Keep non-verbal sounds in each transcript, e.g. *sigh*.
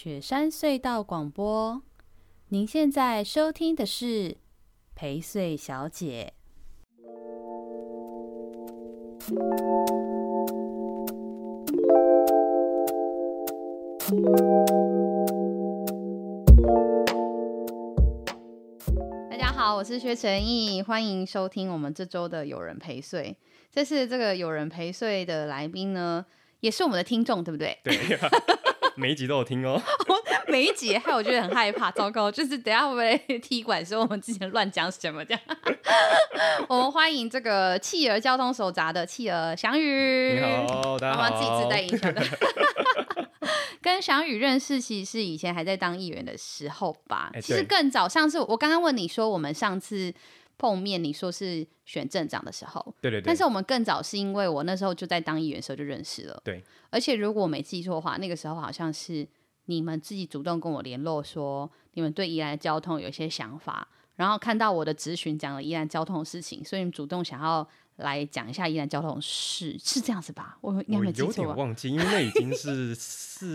雪山隧道廣播，您現在收聽的是陪隧小姐。大家好，我是薛成義，歡迎收聽我們這週的有人陪隧。這次這個有人陪隧的來賓呢，也是我們的聽眾，對不對？對呀 *laughs* 每一集都有聽哦 *laughs* 每一集害我覺得很害怕，糟糕！就是等下我會，會踢館，說我們之前亂講什麼的。我們歡迎這個棄兒交通手雜的棄兒祥宇，大家好，媽媽第一次帶音響。自自的 *laughs* *laughs* 跟祥宇認識，其實是以前還在當議員的時候吧。其實更早，上次我剛剛問你說，我們上次。碰面你說是選鎮長的時候，對對對。但是我們更早是因為我那時候就在當議員的時候就認識了，對。而且如果我沒記錯的話，那個時候好像是你們自己主動跟我聯絡說，你們對宜蘭交通有一些想法，然後看到我的質詢講了宜蘭交通的事情，所以你們主動想要來講一下宜蘭交通的事，是這樣子吧？我應該沒記錯。我有點忘記，因為已經是四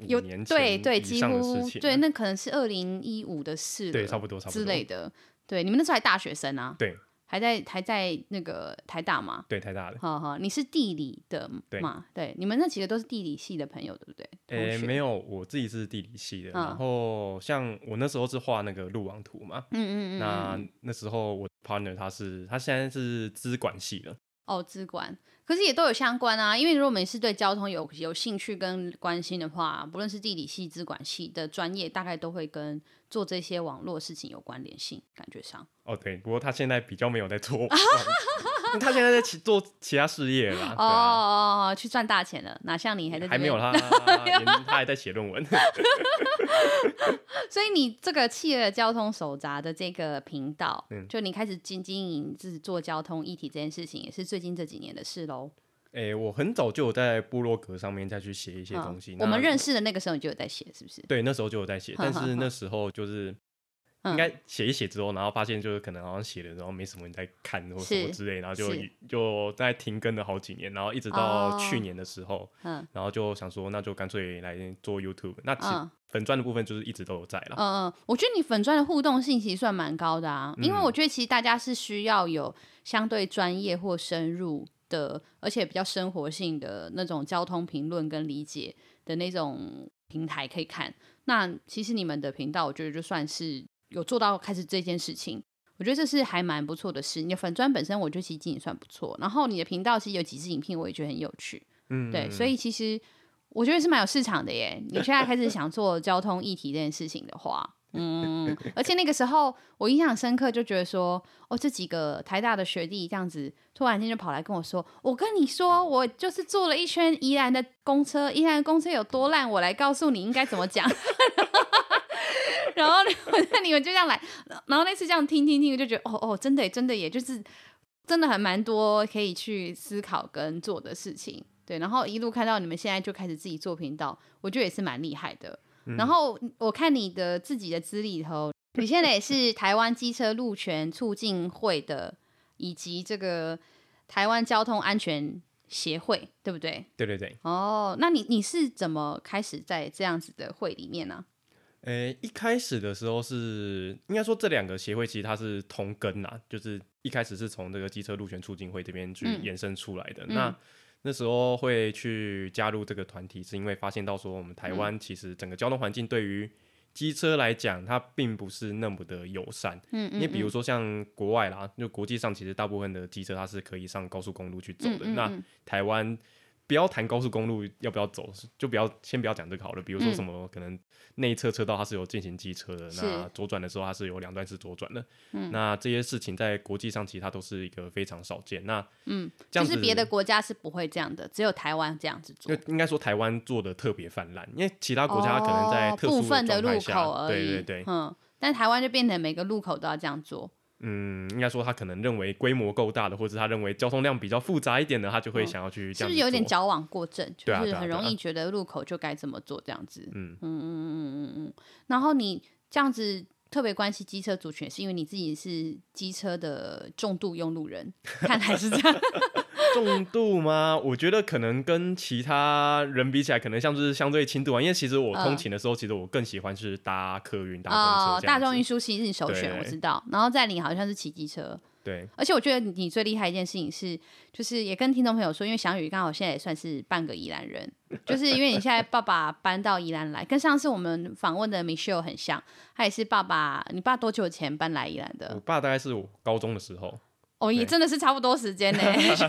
五 *laughs* 年前的事情，對對，幾乎對，那可能是二零一五的事，對，差不多差不多之類的。對，你們那時候還大學生啊？對，還在還在那個台大嗎？對，台大的。呵呵，你是地理的嘛？對。對，你們那幾個都是地理系的朋友，對不對？誒、欸，沒有，我自己是地理系的。嗯、然後像我那時候是畫那個路網圖嘛。嗯嗯，嗯，嗯那那時候我 partner 他是，他現在是資管系的。哦，資管，可是也都有相關啊。因為如果你是對交通有有興趣跟關心的話，不論是地理系、資管系的專業，大概都會跟。做這些網絡事情有關聯性，感覺上。哦，對，不過他現在比較沒有在做， *laughs* *laughs* 他現在在其做其他事業啦、 *laughs* 啊。哦哦，哦，去賺大錢了，哪像你還在還沒有他 *laughs* 他還在寫論文。 *laughs* *laughs* 所以你這個《企鵝交通手札》的這個頻道，嗯，就你開始經經營自己做交通議題這件事情，也是最近這幾年的事嘍。哎、欸，我很早就有在部落格上面再去寫一些東西、哦。我們認識的那個時候就有在寫，是不是？對，那時候就有在寫，但是那時候就是應該寫一寫之後、嗯，然後發現就是可能好像寫了，然後沒什麼人在看，或什麼之類，然後就就在停更了好幾年，然後一直到去年的時候，哦、然後就想說那就乾脆來做 YouTube、嗯。那、嗯、粉專的部分就是一直都有在了。嗯嗯，我覺得你粉專的互動性其實算蠻高的啊、嗯，因為我覺得其實大家是需要有相對專業或深入。的，而且比較生活性的那種交通評論跟理解的那種平台可以看。那其實你們的頻道，我覺得就算是有做到開始這件事情，我覺得這是還蠻不錯的事。你的粉專本身，我覺得其實已經也算不錯。然後你的頻道其實有幾支影片，我也覺得很有趣。嗯,嗯，對，所以其實我覺得是蠻有市場的耶。你現在開始想做交通議題這件事情的話。 *laughs* 嗯，而且那個時候我印象深刻，就覺得說，哦，這幾個台大的學弟這樣子，突然間就跑來跟我說，我跟你說，我就是坐了一圈宜蘭的公車，宜蘭公車有多爛，我來告訴你應該怎麼講。 *laughs* *laughs* 然後， *laughs* *laughs* 你們就這樣來，然後那次這樣聽聽聽，我就覺得，哦哦，真的真的，也就是真的還蠻多可以去思考跟做的事情，對。然後一路看到你們現在就開始自己做頻道，我覺得也是蠻厲害的。嗯、然後我看你的自己的資歷後，你現在也是台灣機車路權促進會的，以及這個台灣交通安全協會，對不對？對對對。哦，那你你是怎麼開始在這樣子的會裡面呢、啊？一開始的時候是應該說，這兩個協會其實它是同根吶、啊，就是一開始是從這個機車路權促進會這邊去延伸出來的、嗯、那。嗯那時候會去加入這個團體，是因為發現到說，我們台灣其實整個交通環境對於機車來講，它並不是那麼的友善。嗯。因為比如說像國外啦，就國際上其實大部分的機車它是可以上高速公路去走的。那台灣。不要談高速公路要不要走，就不要先不要講這個好了。比如說什麼，嗯、可能內側車道它是有進行機車的，那左轉的時候它是有兩段式左轉的、嗯。那這些事情在國際上其他都是一個非常少見。那嗯，其實別的國家是不會這樣的，只有台灣這樣子做。應該說台灣做的特別泛濫，因為其他國家可能在特、哦、部分的路口對，對對對，嗯，但台灣就變成每個路口都要這樣做。嗯，應該說他可能認為規模夠大的，或者是他認為交通量比較複雜一點的，他就會想要去這樣子，嗯。是不是有點矯枉過正？就是很容易覺得路口就該怎麼做這樣子。嗯嗯嗯嗯嗯嗯。然後你這樣子特別關係機車主權，是因為你自己是機車的重度用路人，看來是這樣。 *laughs* *laughs* 重度嗎？我覺得可能跟其他人比起來，可能像是相對輕度啊。因為其實我通勤的時候，呃、其實我更喜歡是搭客運、搭啊、呃、大眾運輸是你首選，我知道。然後在你好像是騎機車，對。而且我覺得你最厲害一件事情是，就是也跟聽眾朋友說，因為祥瑀剛好現在也算是半個宜蘭人，就是因為你現在爸爸搬到宜蘭來， *laughs* 跟上次我們訪問的 Michelle 很像，他也是爸爸。你爸多久前搬來宜蘭的？我爸大概是我高中的時候。哦，也真的是差不多時間呢，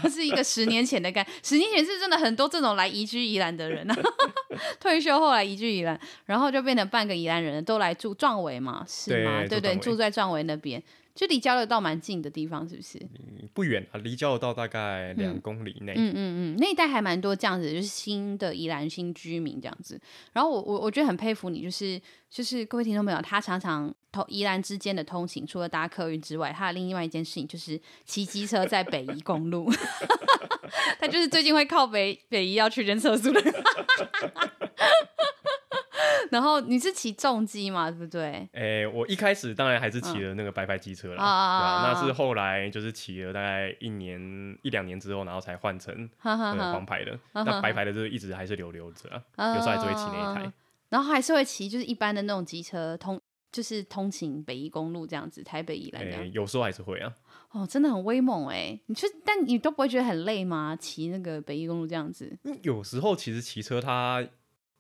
就是一個十年前的干， *laughs* 十年前是真的很多這種來移居宜蘭的人啊， *laughs* 退休後來移居宜蘭，然後就變成半個宜蘭人，都來住壯圍嘛，是嗎？對對，對，對住在壯圍那邊，就離交流道蠻近的地方，是不是？嗯、不遠啊，離交流道大概兩公里內。嗯嗯嗯，嗯，那一帶還蠻多這樣子，就是新的宜蘭新居民這樣子。然後我我我覺得很佩服你，就是就是各位聽眾朋友，他常常。宜蘭之間的通勤，除了搭客運之外，他另外一件事情就是騎機車在北宜公路。 *laughs* *laughs* 他就是最近會靠北北宜要去人測速的。 *laughs* *laughs* *laughs* 然後你是騎重機嘛，對不對？哎、欸，我一開始當然還是騎了那個白牌機車了、嗯啊啊啊啊啊，那是後來就是騎了大概一年一兩年之後，然後才換成那黃、啊啊啊啊呃、牌的。那、啊啊啊、白牌的就是一直還是留留着，有時候還是會騎那一台。然後還是會騎就是一般的那種機車通。就是通勤北宜公路這樣子，台北宜蘭這、欸，有時候還是會啊。哦，真的很威猛哎、欸！你去，但你都不會覺得很累嗎？騎那個北宜公路這樣子。有時候其實騎車它，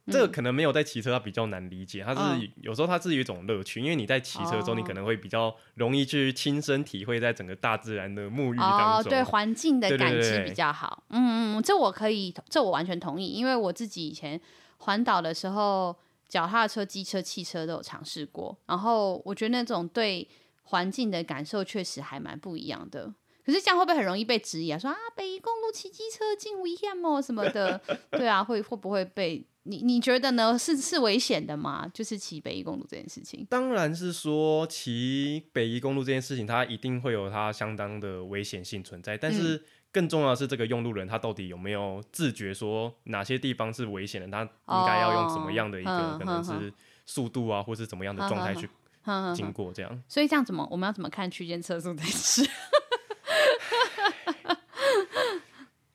它這個可能沒有在騎車，它比較難理解。嗯、它是、嗯、有時候它自己有一種樂趣，因為你在騎車中，你可能會比較容易去親身體會在整個大自然的沐浴當中，哦、對環境的感知比較好。嗯嗯，這我可以，這我完全同意，因為我自己以前環島的時候。腳踏車、機車、汽車都有嘗試過，然後我覺得那種對環境的感受確實還蠻不一樣的。可是這樣會不會很容易被質疑啊？說啊，北宜公路騎機車近乎一 M 什麼的， *laughs* 對啊，會會不會被你你覺得呢？是是危險的嗎？就是騎北宜公路這件事情，當然是說騎北宜公路這件事情，它一定會有它相當的危險性存在，但是。嗯更重要的是這個用路人，他到底有沒有自覺說哪些地方是危險的？他應該要用什麼樣的一個，的一個可能是速度啊，或是怎麼樣的狀態去經過這樣。所以這樣怎麼？我們要怎麼看區間測速才是？ *laughs*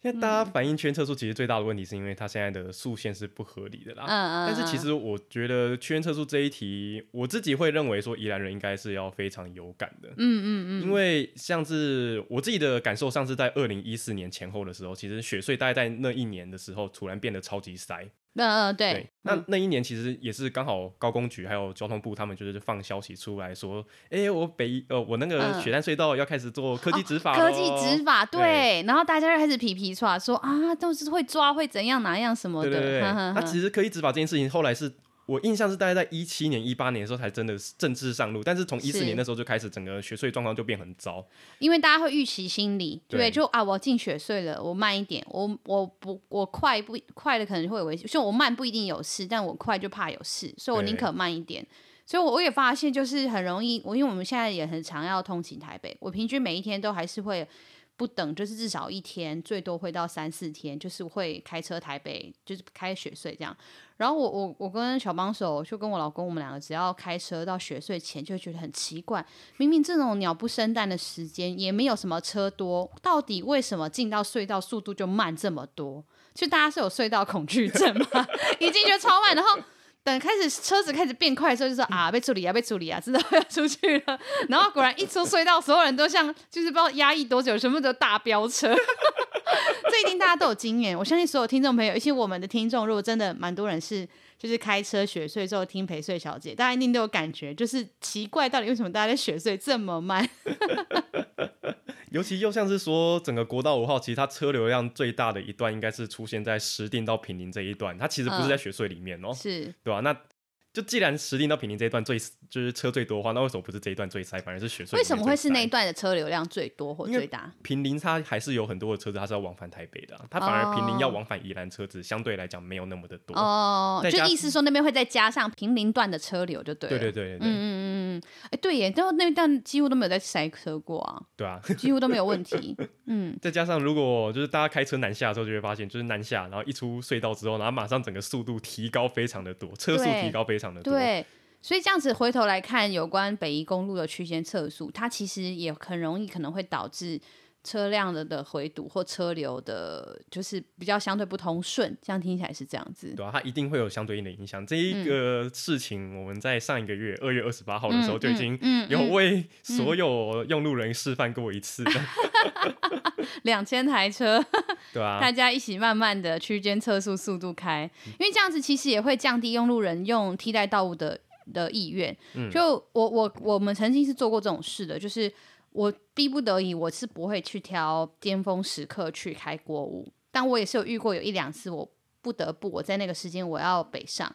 因為大家反映區間測速其實最大的問題是因為它現在的速限是不合理的啦，啊啊啊啊。但是其實我覺得區間測速這一題，我自己會認為說宜蘭人應該是要非常有感的。嗯嗯，嗯因為像是我自己的感受，像是在二零一四年前後的時候，其實雪隧大概在那一年的時候，突然變得超級塞。嗯嗯，對，對嗯，那那一年其實也是剛好高工局還有交通部他們就是放消息出來說，哎，我北呃我那個雪山隧道要開始做科技執法，哦，科技執法對，對，然後大家就開始皮皮出來說啊，都是會抓會怎樣哪樣什麼的，那、啊、其實科技執法這件事情後來是。我印象是大概在一七年、一八年的時候才真的正式上路，但是從一四年的時候就開始，整個雪隧狀況就變很糟。因為大家會預期心理，對，對就啊，我進雪隧了，我慢一點，我我不我快不快的可能會有危險，所以，我慢不一定有事，但我快就怕有事，所以我寧可慢一點。所以，我我也發現就是很容易，我因為我們現在也很常要通勤台北，我平均每一天都還是會。不等，就是至少一天，最多會到三四天，就是會開車台北，就是開雪隧這樣。然後我我我跟小幫手，就跟我老公，我們兩個只要開車到雪隧前，就會覺得很奇怪。明明這種鳥不生蛋的時間，也沒有什麼車多，到底為什麼進到隧道速度就慢這麼多？就大家是有隧道恐懼症嗎？已經覺得超慢，然後。等開始車子開始變快的時候，就說啊，被處理啊，被處理啊，知道要出去了。然後果然一出隧道，所有人都像就是不知道壓抑多久，全部都大飆車。這一定大家都有經驗，我相信所有聽眾朋友，尤其我們的聽眾，如果真的蠻多人是。就是開車雪隧之後，聽陪隧小姐，大家一定都有感覺，就是奇怪到底為什麼大家的雪隧這麼慢？ *laughs* *laughs* 尤其又像是說，整個國道五號其實它車流量最大的一段，應該是出現在石碇到坪林這一段，它其實不是在雪隧裡面哦、喔呃，是對啊。那。就既然石碇到坪林這一段最就是車最多的話，那為什麼不是這一段最塞，反而是雪隧？為什麼會是那一段的車流量最多或最大？坪林它還是有很多的車子，它是要往返台北的、啊，它反而坪林要往返宜蘭，車子、哦、相對來講沒有那麼的多。哦，就意思說那邊會再加上坪林段的車流就對，就對對對對。嗯嗯嗯哎、嗯欸，對耶，就那一段幾乎都沒有在塞車過啊。對啊， *laughs* 幾乎都沒有問題。嗯，再加上如果就是大家開車南下的時候就會發現就是南下，然後一出隧道之後，然後馬上整個速度提高非常的多，車速提高非常。對，所以這樣子回頭來看，有關北宜公路的區間測速，它其實也很容易可能會導致。車輛的的回堵或車流的，就是比較相對不通順，這樣聽起來是這樣子。對啊，它一定會有相對應的影響。這一,一個事情、嗯，我們在上一個月二月二十八號的時候、嗯嗯嗯、就已經有為所有用路人示範過一次。兩、嗯、千 *laughs* 台車，對啊，大家一起慢慢的區間測速速度開，因為這樣子其實也會降低用路人用替代道路的的意願、嗯。就我我我們曾經是做過這種事的，就是。我逼不得已，我是不會去挑巔峰時刻去開國五。但我也是有遇過有一兩次，我不得不，我在那個時間我要北上。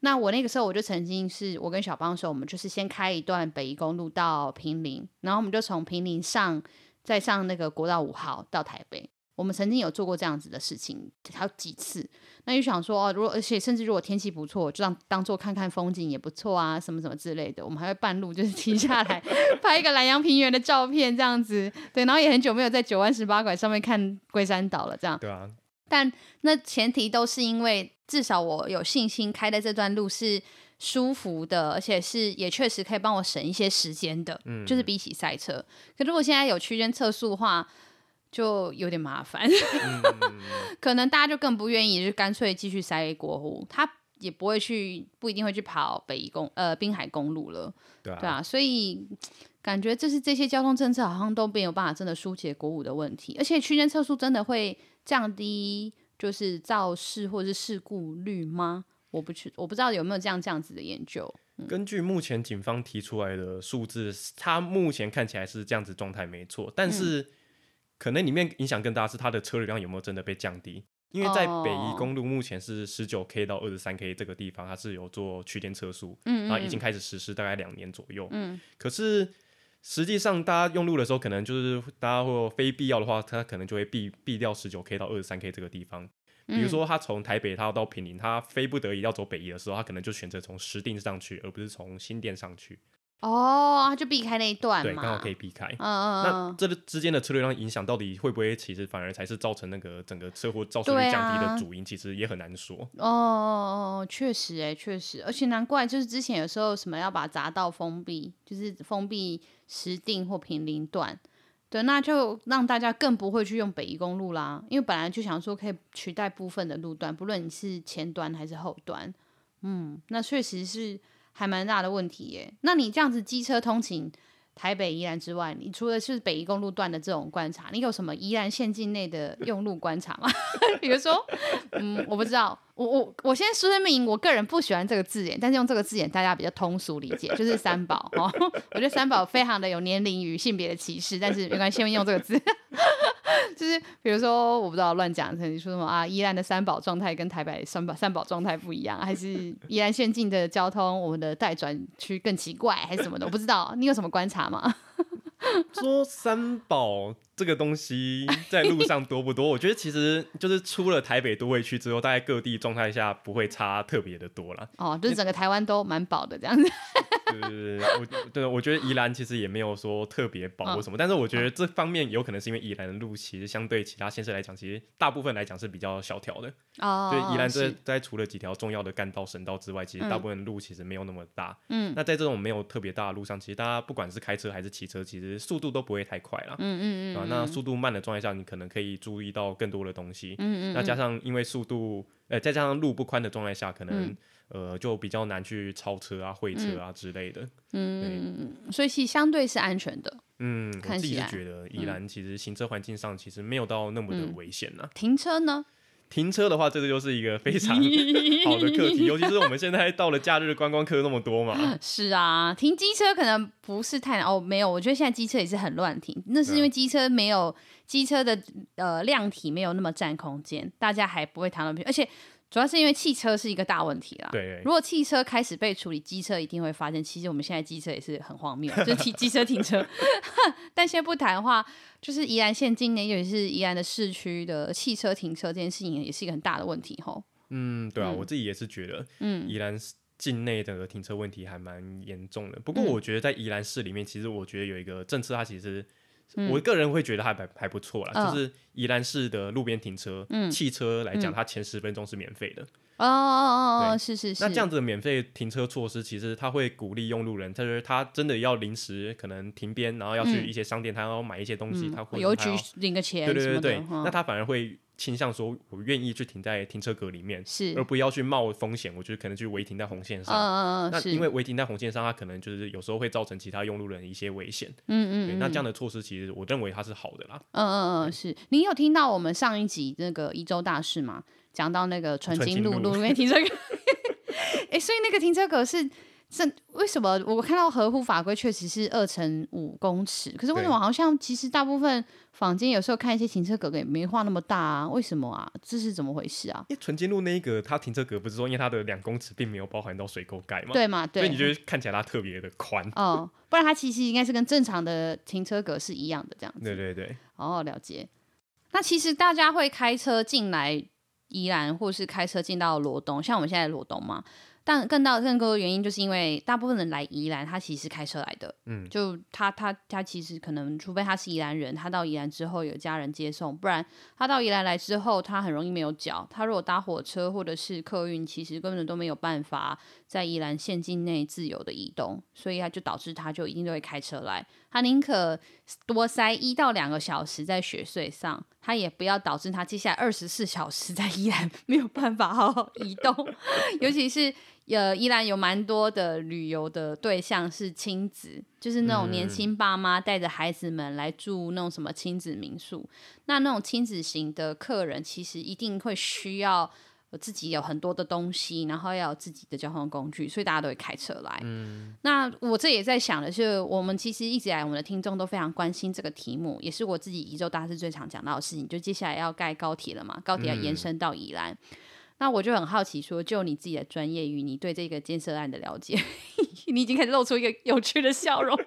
那我那個時候我就曾經是我跟小幫說，我們就是先開一段北宜公路到坪林，然後我們就從坪林上再上那個國道五號到台北。我們曾經有做過這樣子的事情，還有幾次，那就想說哦，如果而且甚至如果天氣不錯，就當當做看看風景也不錯啊，什麼什麼之類的。我們還會半路就是停下來拍一個蘭陽平原的照片，這樣子。 *laughs* 對，然後也很久沒有在九彎十八拐上面看龜山島了，這樣。對啊。但那前提都是因為至少我有信心開的這段路是舒服的，而且是也確實可以幫我省一些時間的。嗯。就是比起賽車，可是如果現在有區間測速的話。就有點麻煩、 *laughs* 嗯，嗯嗯、 *laughs* 可能大家就更不願意，就乾脆繼續塞國五，他也不會去，不一定會去跑北宜公呃濱海公路了，對啊，對啊，所以感覺這是這些交通政策好像都沒有辦法真的疏解國五的問題，而且區間測速真的會降低就是肇事或者是事故率嗎？我不去，我不知道有沒有這樣這樣子的研究。嗯、根據目前警方提出來的數字，他目前看起來是這樣子狀態沒錯，但是。嗯可能裡面影響更大是它的車流量有沒有真的被降低？因為在北宜公路目前是十九 K 到二十三 K 這個地方，哦、它是有做區間測速，嗯，嗯，然後已經開始實施大概兩年左右，嗯，可是實際上大家用路的時候，可能就是大家如非必要的話，它可能就會避避掉十九 K 到二十三 K 這個地方。比如說他從台北他要到坪林，他非不得已要走北宜的時候，他可能就選擇從石碇上去，而不是從新店上去。哦，他就避開那一段對，剛好可以避開。嗯嗯，那這之間的車流量影響到底會不會，其實反而才是造成那個整個車禍造成率降低的主因、啊？其實也很難說。哦哦哦，確實哎、欸，確實，而且難怪就是之前有時候什麼要把匝道封閉，就是封閉石碇或坪林段，對，那就讓大家更不會去用北宜公路啦，因為本來就想說可以取代部分的路段，不論你是前端還是後端，嗯，那確實是。還蠻大的問題耶，那你這樣子機車通勤台北宜蘭之外，你除了是北宜公路段的這種觀察，你有什麼宜蘭縣境內的用路觀察嗎？ *laughs* 比如說，嗯，我不知道。我我我先說明，我個人不喜歡這個字眼，但是用這個字眼大家比較通俗理解，就是三寶哦。我覺得三寶非常的有年齡與性別的歧視，但是沒關係，先用這個字。 *laughs* 就是比如說，我不知道亂講，你說什麼啊？宜蘭的三寶狀態跟台北三寶三寶狀態不一樣，還是宜蘭縣境的交通，我們的待轉區更奇怪，還是什麼的？我不知道，你有什麼觀察嗎？說三寶。這個東西在路上多不多？ *laughs* 我覺得其實就是出了台北都會區之後，大概各地狀態下不會差特別的多了。哦，就是整個台灣都蠻飽的這樣子。對對對，對，對，對，我覺得宜蘭其實也沒有說特別飽或什麼，哦，但是我覺得這方面有可能是因為宜蘭的路其實相對其他縣市來講，其實大部分來講是比較小條的。哦。對，宜蘭在除了幾條重要的幹道、省道之外，其實大部分的路其實沒有那麼大。嗯。那在這種沒有特別大的路上，其實大家不管是開車還是騎車，其實速度都不會太快了。嗯嗯嗯。嗯那速度慢的狀態下，你可能可以注意到更多的東西。嗯嗯，嗯。那加上因為速度，呃，再加上路不寬的狀態下，可能、嗯、呃就比較難去超車啊、會車啊之類的。嗯嗯，所以其實相對是安全的。嗯，看我自己是覺得，宜蘭其實行車環境上其實沒有到那麼的危險啊、嗯嗯。停車呢？停車的話，這個就是一個非常好的課題， *laughs* 尤其是我們現在到了假日，觀光客那麼多嘛。 *laughs* 是啊，停機車可能不是太難……哦，沒有，我覺得現在機車也是很亂停，那是因為機車沒有、嗯、機車的呃量體沒有那麼占空間，大家還不會談論，而且。主要是因為汽車是一個大問題啦。對，對，如果汽車開始被處理，機車一定會發現。其實我們現在機車也是很荒謬，就停、是、機車停車。 *laughs* *laughs* 但先不談的話，就是宜蘭縣今年也是宜蘭的市區的汽車停車這件事情，也是一個很大的問題吼。嗯，對啊，我自己也是覺得，嗯，宜蘭境內的停車問題還蠻嚴重的。不過我覺得在宜蘭市裡面、嗯，其實我覺得有一個政策，它其實。嗯、我個人會覺得還還還不錯啦、哦，就是宜蘭市的路邊停車、嗯，汽車來講、嗯，它前十分鐘是免費的。哦哦哦哦，是是是。那這樣子的免費停車措施，其實它會鼓勵用路人，就是他真的要臨時可能停邊，然後要去一些商店，他、嗯、要買一些東西，他、嗯、會郵局領個錢，對對對。哦、那他反而會。傾向說，我願意去停在停車格裡面，是而不要去冒風險。我覺得可能就違停在紅線上，呃、是那因為違停在紅線上，它可能就是有時候會造成其他用路人一些危險。嗯嗯，嗯，那這樣的措施其實我認為它是好的啦。嗯嗯嗯，是、嗯。您有聽到我們上一集那個一周大事嗎？講到那個純精路路面停車格、啊路路 *laughs* 欸，所以那個停車格是。是為什麼？我看到合乎法規確實，是二乘五公尺，可是為什麼好像其實大部分坊間，有時候看一些停車格也沒畫那麼大啊？為什麼啊？這是怎麼回事啊？因為純精路那一個，它停車格不是說因為它的兩公尺並沒有包含到水溝蓋嘛？對嘛？所以你就看起來它特別的寬，嗯、哦？不然它其實應該是跟正常的停車格是一樣的這樣子。對對對。哦，了解。那其實大家會開車進來宜蘭，或是開車進到羅東，像我們現在羅東嘛。但更大更多的原因，就是因為大部分人來宜蘭，他其實是開車來的。嗯，就他他他其實可能，除非他是宜蘭人，他到宜蘭之後有家人接送，不然他到宜蘭來之後，他很容易沒有腳。他如果搭火車或者是客運，其實根本都沒有辦法在宜蘭縣境內自由的移動，所以他就導致他就一定都會開車來，他寧可多塞一到兩個小時在雪隧上，他也不要導致他接下來二十四小時在宜蘭沒有辦法好好移動， *laughs* 尤其是。呃，宜蘭有蠻多的旅遊的對象是親子，就是那種年輕爸媽帶着孩子們來住那種什麼親子民宿。嗯、那那種親子型的客人，其實一定會需要自己有很多的東西，然後要有自己的交通工具，所以大家都會開車來，嗯。那我這也在想的是，我們其實一直以來，我們的聽眾都非常關心這個題目，也是我自己宜州大致最常講到的事情。就接下來要蓋高鐵了嘛，高鐵要延伸到宜蘭。嗯那我就很好奇，說就你自己的專業與你對這個建設案的了解， *laughs* 你已經開始露出一個有趣的笑容。 *laughs*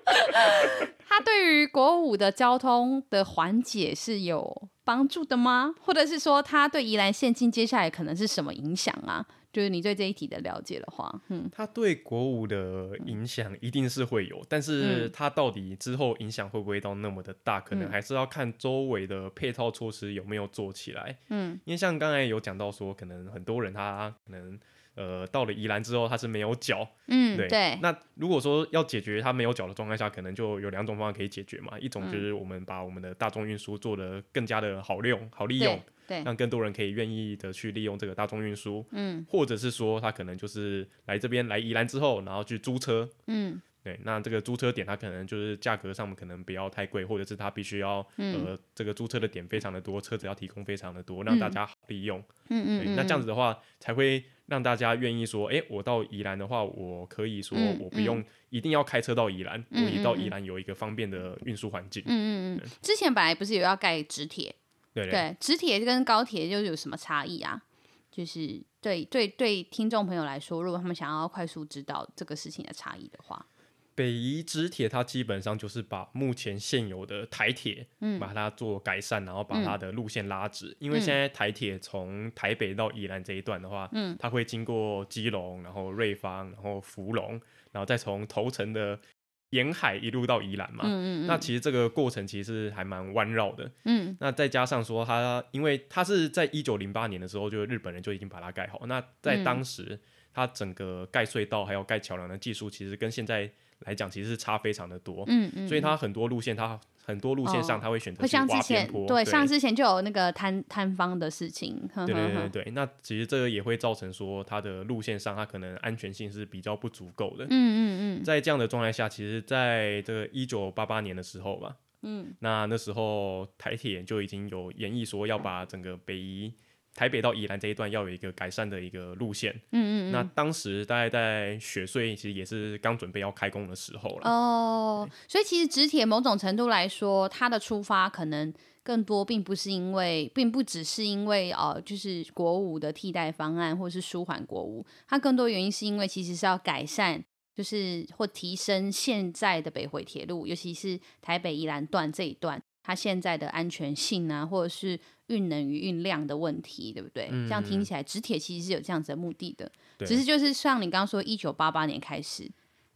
它對於國五的交通的緩解是有幫助的嗎？或者是說，它對宜蘭縣境接下來可能是什麼影響啊？就是你對這一題的了解的話，嗯，它對國五的影響一定是會有，嗯，但是它到底之後影響會不會到那麼的大，嗯，可能還是要看周圍的配套措施有沒有做起來，嗯，因為像剛才有講到說，可能很多人他可能呃到了宜蘭之後他是沒有腳，嗯對，對，那如果說要解決他沒有腳的狀態下，可能就有兩種方法可以解決嘛，一種就是我們把我們的大眾運輸做得更加的好用好利用。讓更多人可以願意的去利用這個大眾運輸，嗯，或者是說他可能就是來這邊來宜蘭之後，然後去租車，嗯，對，那這個租車點他可能就是價格上面可能不要太貴，或者是他必須要、嗯、呃這個租車的點非常的多，車子要提供非常的多，讓大家好利用，嗯，對嗯，對嗯，那這樣子的話才會讓大家願意說，哎、欸，我到宜蘭的話，我可以說、嗯、我不用、嗯、一定要開車到宜蘭、嗯，我也到宜蘭有一個方便的運輸環境，嗯，嗯，之前本來不是有要蓋直鐵。對，對，對，對，直鐵跟高鐵又有什麼差異啊？就是對對對，對，聽眾朋友來說，如果他們想要快速知道這個事情的差異的話，北宜直鐵它基本上就是把目前現有的台鐵，嗯，把它做改善、嗯，然後把它的路線拉直、嗯。因為現在台鐵從台北到宜蘭這一段的話，嗯，它會經過基隆，然後瑞芳，然後福隆，然後再從頭城的。沿海一路到宜蘭嘛，嗯嗯嗯，那其實這個過程其實還蠻彎繞的。嗯，那再加上說它，它因為它是在一九零八年的時候，就是、日本人就已經把它蓋好。那在當時，嗯、它整個蓋隧道還有蓋橋樑的技術，其實跟現在來講，其實是差非常的多。嗯嗯，所以它很多路線它。很多路線上，他會選擇、哦、像之前對，像之前就有那個坍坍方的事情，對對對對，對呵呵。那其實這個也會造成說，它的路線上，它可能安全性是比較不足夠的。嗯嗯嗯。在這樣的狀態下，其實，在這個一九八八年的時候吧，嗯，那那時候台鐵就已經有研議說要把整個北宜。台北到宜蘭這一段要有一個改善的一個路線，嗯嗯，嗯，那當時大概在雪隧其實也是剛準備要開工的時候了，哦，所以其實直鐵某種程度來說，它的出發可能更多，並不是因為，並不只是因為哦、呃，就是國五的替代方案或是舒緩國五，它更多原因是因為其實是要改善，就是或提升現在的北回鐵路，尤其是台北宜蘭段這一段。它現在的安全性啊，或者是運能與運量的問題，對不對？這、嗯、樣聽起來，直鐵其實是有這樣子的目的的。其只是就是像你剛剛說，一九八八年開始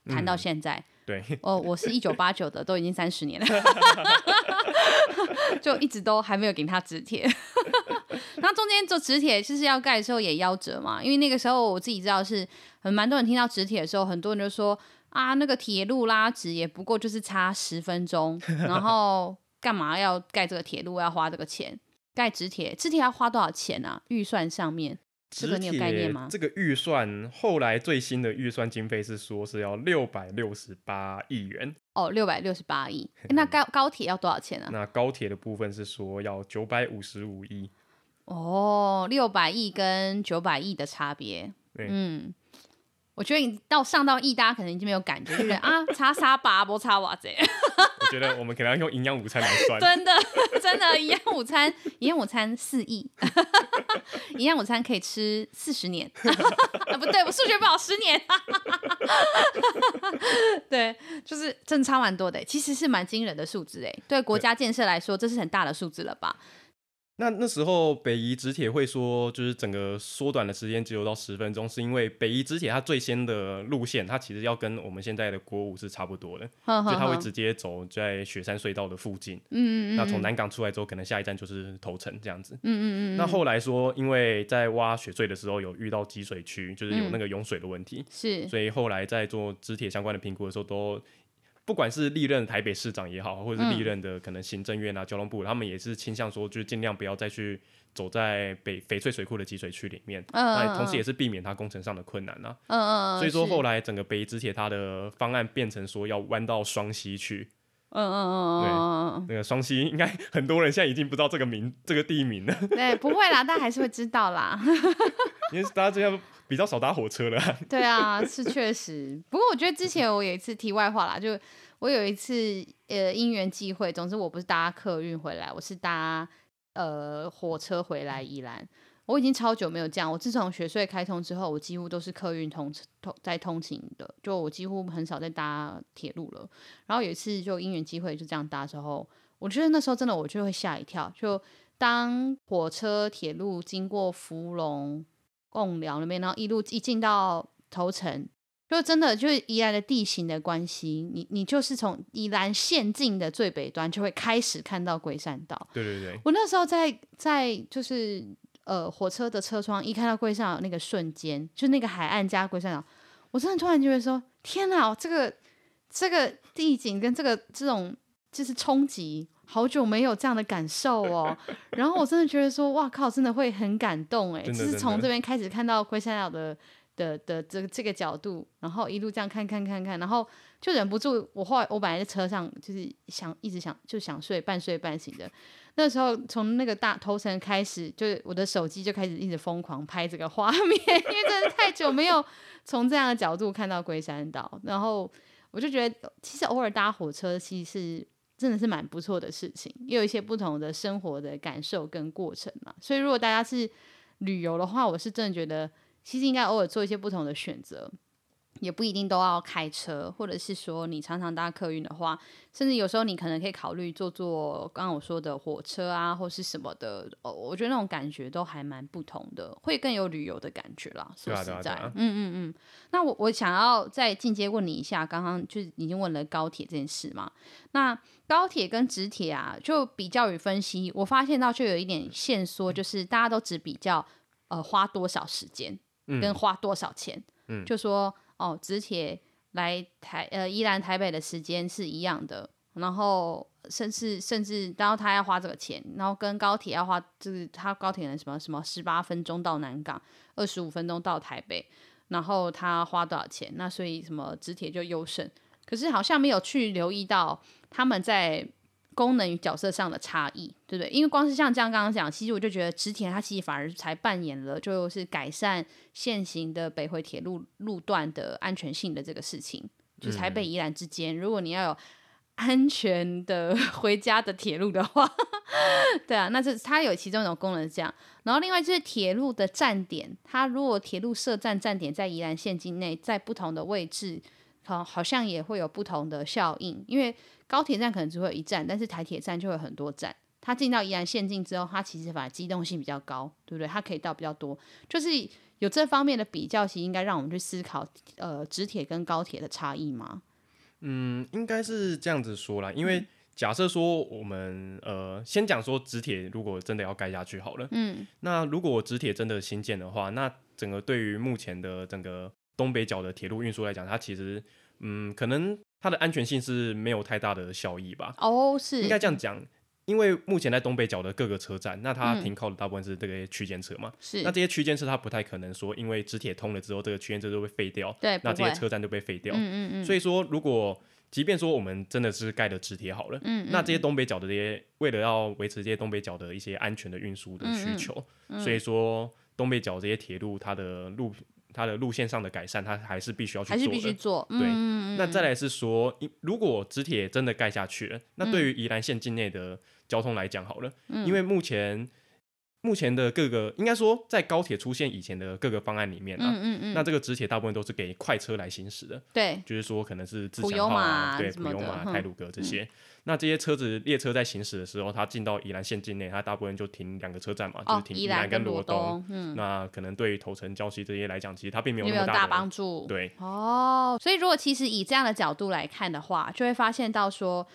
談到現在、嗯，對。哦，我是一九八九的， *laughs* 都已經三十年了， *laughs* 就一直都還沒有給他直鐵。那 *laughs* 中間做直鐵其實要蓋的時候也夭折嘛，因為那個時候我自己知道是，很蠻多人聽到直鐵的時候，很多人就說啊，那個鐵路拉直也不過就是差十分鐘，然後。幹嘛要蓋這個鐵路？要花這個錢？蓋直鐵，直鐵要花多少錢啊？預算上面，這個你有概念嗎？這個預算後來最新的預算經費是說是要六百六十八億元哦，六百六十八億。那高 *laughs* 高鐵要多少錢啊？那高鐵的部分是說要九百五十五億哦，六百億跟九百億的差別，嗯。我覺得你到上到億，大家可能已經沒有感覺，對不對啊，差啥八不差哇塞。 *laughs* 我覺得我們可能要用營養午餐來算， *laughs* 真的真的營養午餐，營養午餐四億，營 *laughs* 養午餐可以吃四十年， *laughs* 啊、不對，我數學不好，十年。 *laughs* 對，就是真差蠻多的，其實是蠻驚人的數字哎，對國家建設來說，這是很大的數字了吧？那那時候北宜直鐵會說，就是整個縮短的時間只有到十分鐘，是因為北宜直鐵它最先的路線，它其實要跟我們現在的國五是差不多的好好好，就它會直接走在雪山隧道的附近。嗯嗯，嗯。那從南港出來之後，可能下一站就是投城這樣子。嗯嗯嗯。那後來說，因為在挖雪隧的時候有遇到積水區，就是有那個湧水的問題、嗯，是，所以後來在做直鐵相關的評估的時候都。不管是歷任的台北市長也好，或者是歷任的可能行政院啊、嗯、交通部，他們也是傾向說，就是盡量不要再去走在北翡翠水庫的集水區裡面。嗯，那同時也是避免它工程上的困難啊。嗯嗯，嗯。所以說後來整個北宜直鐵它的方案變成說要彎到雙溪去。嗯嗯嗯嗯。那、這個雙溪應該很多人現在已經不知道這個名這個地名了。對，不會啦， *laughs* 但還是會知道啦。因為大家這樣。比較少搭火車了，啊，對啊，是確實。 *laughs* 不過我覺得之前我有一次題外話啦，就我有一次呃因緣際會，總之我不是搭客運回來，我是搭呃火車回來宜蘭。我已經超久沒有這樣，我自從雪隧開通之後，我幾乎都是客運通通在通勤的，就我幾乎很少在搭鐵路了。然後有一次就因緣際會，就這樣搭的時候，我覺得那時候真的我就會嚇一跳，就當火車鐵路經過芙蓉。貢寮那邊，然後一路一進到頭城，就真的就是宜蘭的地形的關係，你你就是從宜蘭縣境的最北端，就會開始看到龜山島。對對對，我那時候在在就是呃火車的車窗一看到龜山島那個瞬間，就那個海岸加龜山島，我真的突然就會說：天吶，這個這個地景跟這個這種就是衝擊。好久沒有這樣的感受哦，然後我真的覺得說，哇靠，真的會很感動哎！就是從這邊開始看到龜山島的的的這個這個角度，然後一路這樣看看看看，然後就忍不住。我後來我本來在車上就是想一直想就想睡半睡半醒的，那時候從那個大頭城開始，就是我的手機就開始一直瘋狂拍這個畫面，因為真的太久沒有從這樣的角度看到龜山島，然後我就覺得其實偶爾搭火車其實。真的是蠻不錯的事情，也有一些不同的生活的感受跟過程嘛。所以如果大家是旅遊的話，我是真的覺得，其實應該偶爾做一些不同的選擇。也不一定都要開車，或者是說你常常搭客運的話，甚至有時候你可能可以考慮坐坐剛剛我說的火車啊，或是什麼的。哦、我覺得那種感覺都還蠻不同的，會更有旅遊的感覺啦。說、啊、實在、啊啊啊，嗯嗯嗯。那我我想要再進階問你一下，剛剛就已經問了高鐵這件事嘛？那高鐵跟直鐵啊，就比較與分析，我發現到就有一點線索，就是大家都只比較呃花多少時間，跟花多少錢，嗯，嗯就說。哦，直鐵來台呃，宜蘭台北的時間是一樣的，然後甚至甚至，然後他要花這個錢，然後跟高鐵要花，就是他高鐵的什麼什麼十八分鐘到南港，二十五分鐘到台北，然後他花多少錢？那所以什麼直鐵就優勝，可是好像沒有去留意到他們在。功能與角色上的差異，對不對？因為光是像這樣剛剛講，其實我就覺得直鐵他其實反而才扮演了，就是改善現行的北回鐵路路段的安全性的這個事情，嗯、就台北、宜蘭之間，如果你要有安全的回家的鐵路的話， *laughs* 對啊，那這他有其中一種功能是這樣。然後另外就是鐵路的站點，它如果鐵路設站站、站點在宜蘭縣境內，在不同的位置。好，好像也會有不同的效應，因為高鐵站可能只會有一站，但是台鐵站就會有很多站。它進到宜蘭縣境之後，它其實反而機動性比較高，對不對？它可以到比較多，就是有這方面的比較，其實應該讓我們去思考，呃，直鐵跟高鐵的差異嗎？嗯，應該是這樣子說啦，因為假設說我們呃先講說直鐵，如果真的要蓋下去好了，嗯，那如果直鐵真的新建的話，那整個對於目前的整個。東北角的鐵路運輸來講，它其實，嗯，可能它的安全性是沒有太大的效益吧。哦、oh，是應該這樣講，因為目前在東北角的各個車站，那它停靠的大部分是這個區間車嘛。是、嗯。那這些區間車，它不太可能說，因為直鐵通了之後，這個區間車就會廢掉。對。那這些車站就被廢掉。嗯嗯。所以說，如果即便說我們真的是蓋的直鐵好了，嗯，嗯，嗯，那這些東北角的這些，為了要維持這些東北角的一些安全的運輸的需求，嗯嗯。所以說東北角這些鐵路它的路。它的路線上的改善，它還是必須要去做的。還是必須做，對、嗯。那再來是說，如果直鐵真的蓋下去了，嗯、那對於宜蘭縣境內的交通來講，好了、嗯，因為目前目前的各個，應該說在高鐵出現以前的各個方案裡面啊，嗯嗯嗯、那這個直鐵大部分都是給快車來行駛的，對，就是說可能是自強號對，普悠瑪、太魯閣這些。嗯那這些車子、列車在行駛的時候，它進到宜蘭縣境內，它大部分就停兩個車站嘛，哦，就是，停宜蘭跟羅東、嗯、東。嗯，那可能對於頭城、礁溪這些來講，其實它並沒有那麼有沒有大幫助。對，哦，所以如果其實以這樣的角度來看的話，就會發現到說，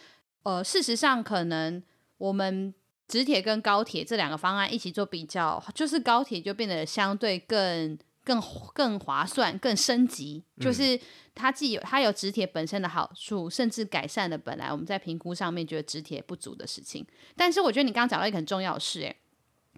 呃，事實上可能我們直鐵跟高鐵這兩個方案一起做比較，就是高鐵就變得相對更。更更划算、更升級，就是它既有它有直鐵本身的好處，甚至改善了本來我們在評估上面覺得直鐵不足的事情。但是我覺得你剛剛講到一個很重要的事，欸，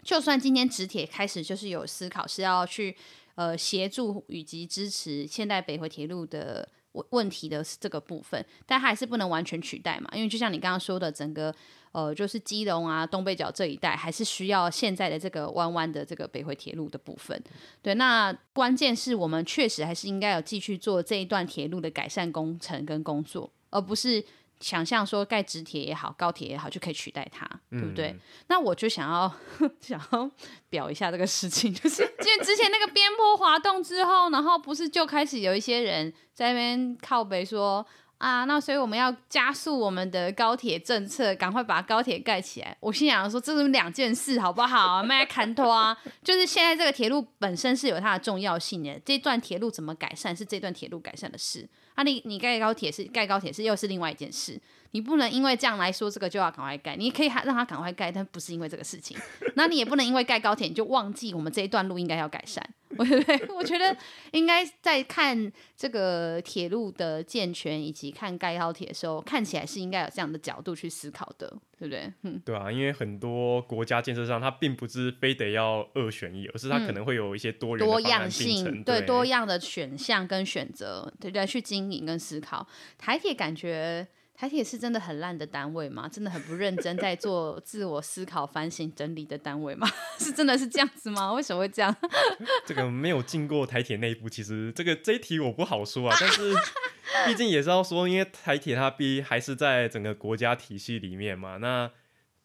就算今天直鐵開始就是有思考是要去呃協助以及支持現代北回鐵路的。問題的這個部分，但它還是不能完全取代嘛，因為就像你剛剛說的，整個呃，就是基隆啊、東北角這一帶，還是需要現在的這個彎彎的這個北回鐵路的部分。嗯、對，那關鍵是我們確實還是應該要繼續做這一段鐵路的改善工程跟工作，而不是。想象說蓋直鐵也好，高鐵也好，就可以取代它，嗯，對不對？那我就想要想要表一下這個事情，就是因為之前那個邊坡滑動之後， *laughs* 然後不是就開始有一些人在那邊靠北說啊，那所以我們要加速我們的高鐵政策，趕快把高鐵蓋起來。我心想說，這是兩件事好不好，啊？莫牽拖啊，就是現在這個鐵路本身是有它的重要性的，這段鐵路怎麼改善是這段鐵路改善的事。那、啊、你你蓋高鐵是蓋高鐵是又是另外一件事。你不能因為這樣來說這個就要趕快蓋，你可以讓讓他趕快蓋，但不是因為這個事情。那你也不能因為蓋高鐵你就忘記我們這一段路應該要改善，對不對？我覺得應該在看這個鐵路的健全，以及看蓋高鐵的時候，看起來是應該有這樣的角度去思考的，對不對？嗯，對啊，因為很多國家建設上，它並不是非得要二選一，而是它可能會有一些多元的、嗯、多樣性，對，對，對多樣的選項跟選擇，對不對，對，去經營跟思考。台鐵感覺。台鐵是真的很爛的單位嗎？真的很不認真在做自我思考、反省、整理的單位嗎？ *laughs* 是真的是這樣子嗎？ *laughs* 為什麼會這樣？ *laughs* 這個沒有進過台鐵內部，其實這個這一題我不好說啊。但是畢竟也是要說，因為台鐵它畢竟還是在整個國家體系裡面嘛，那。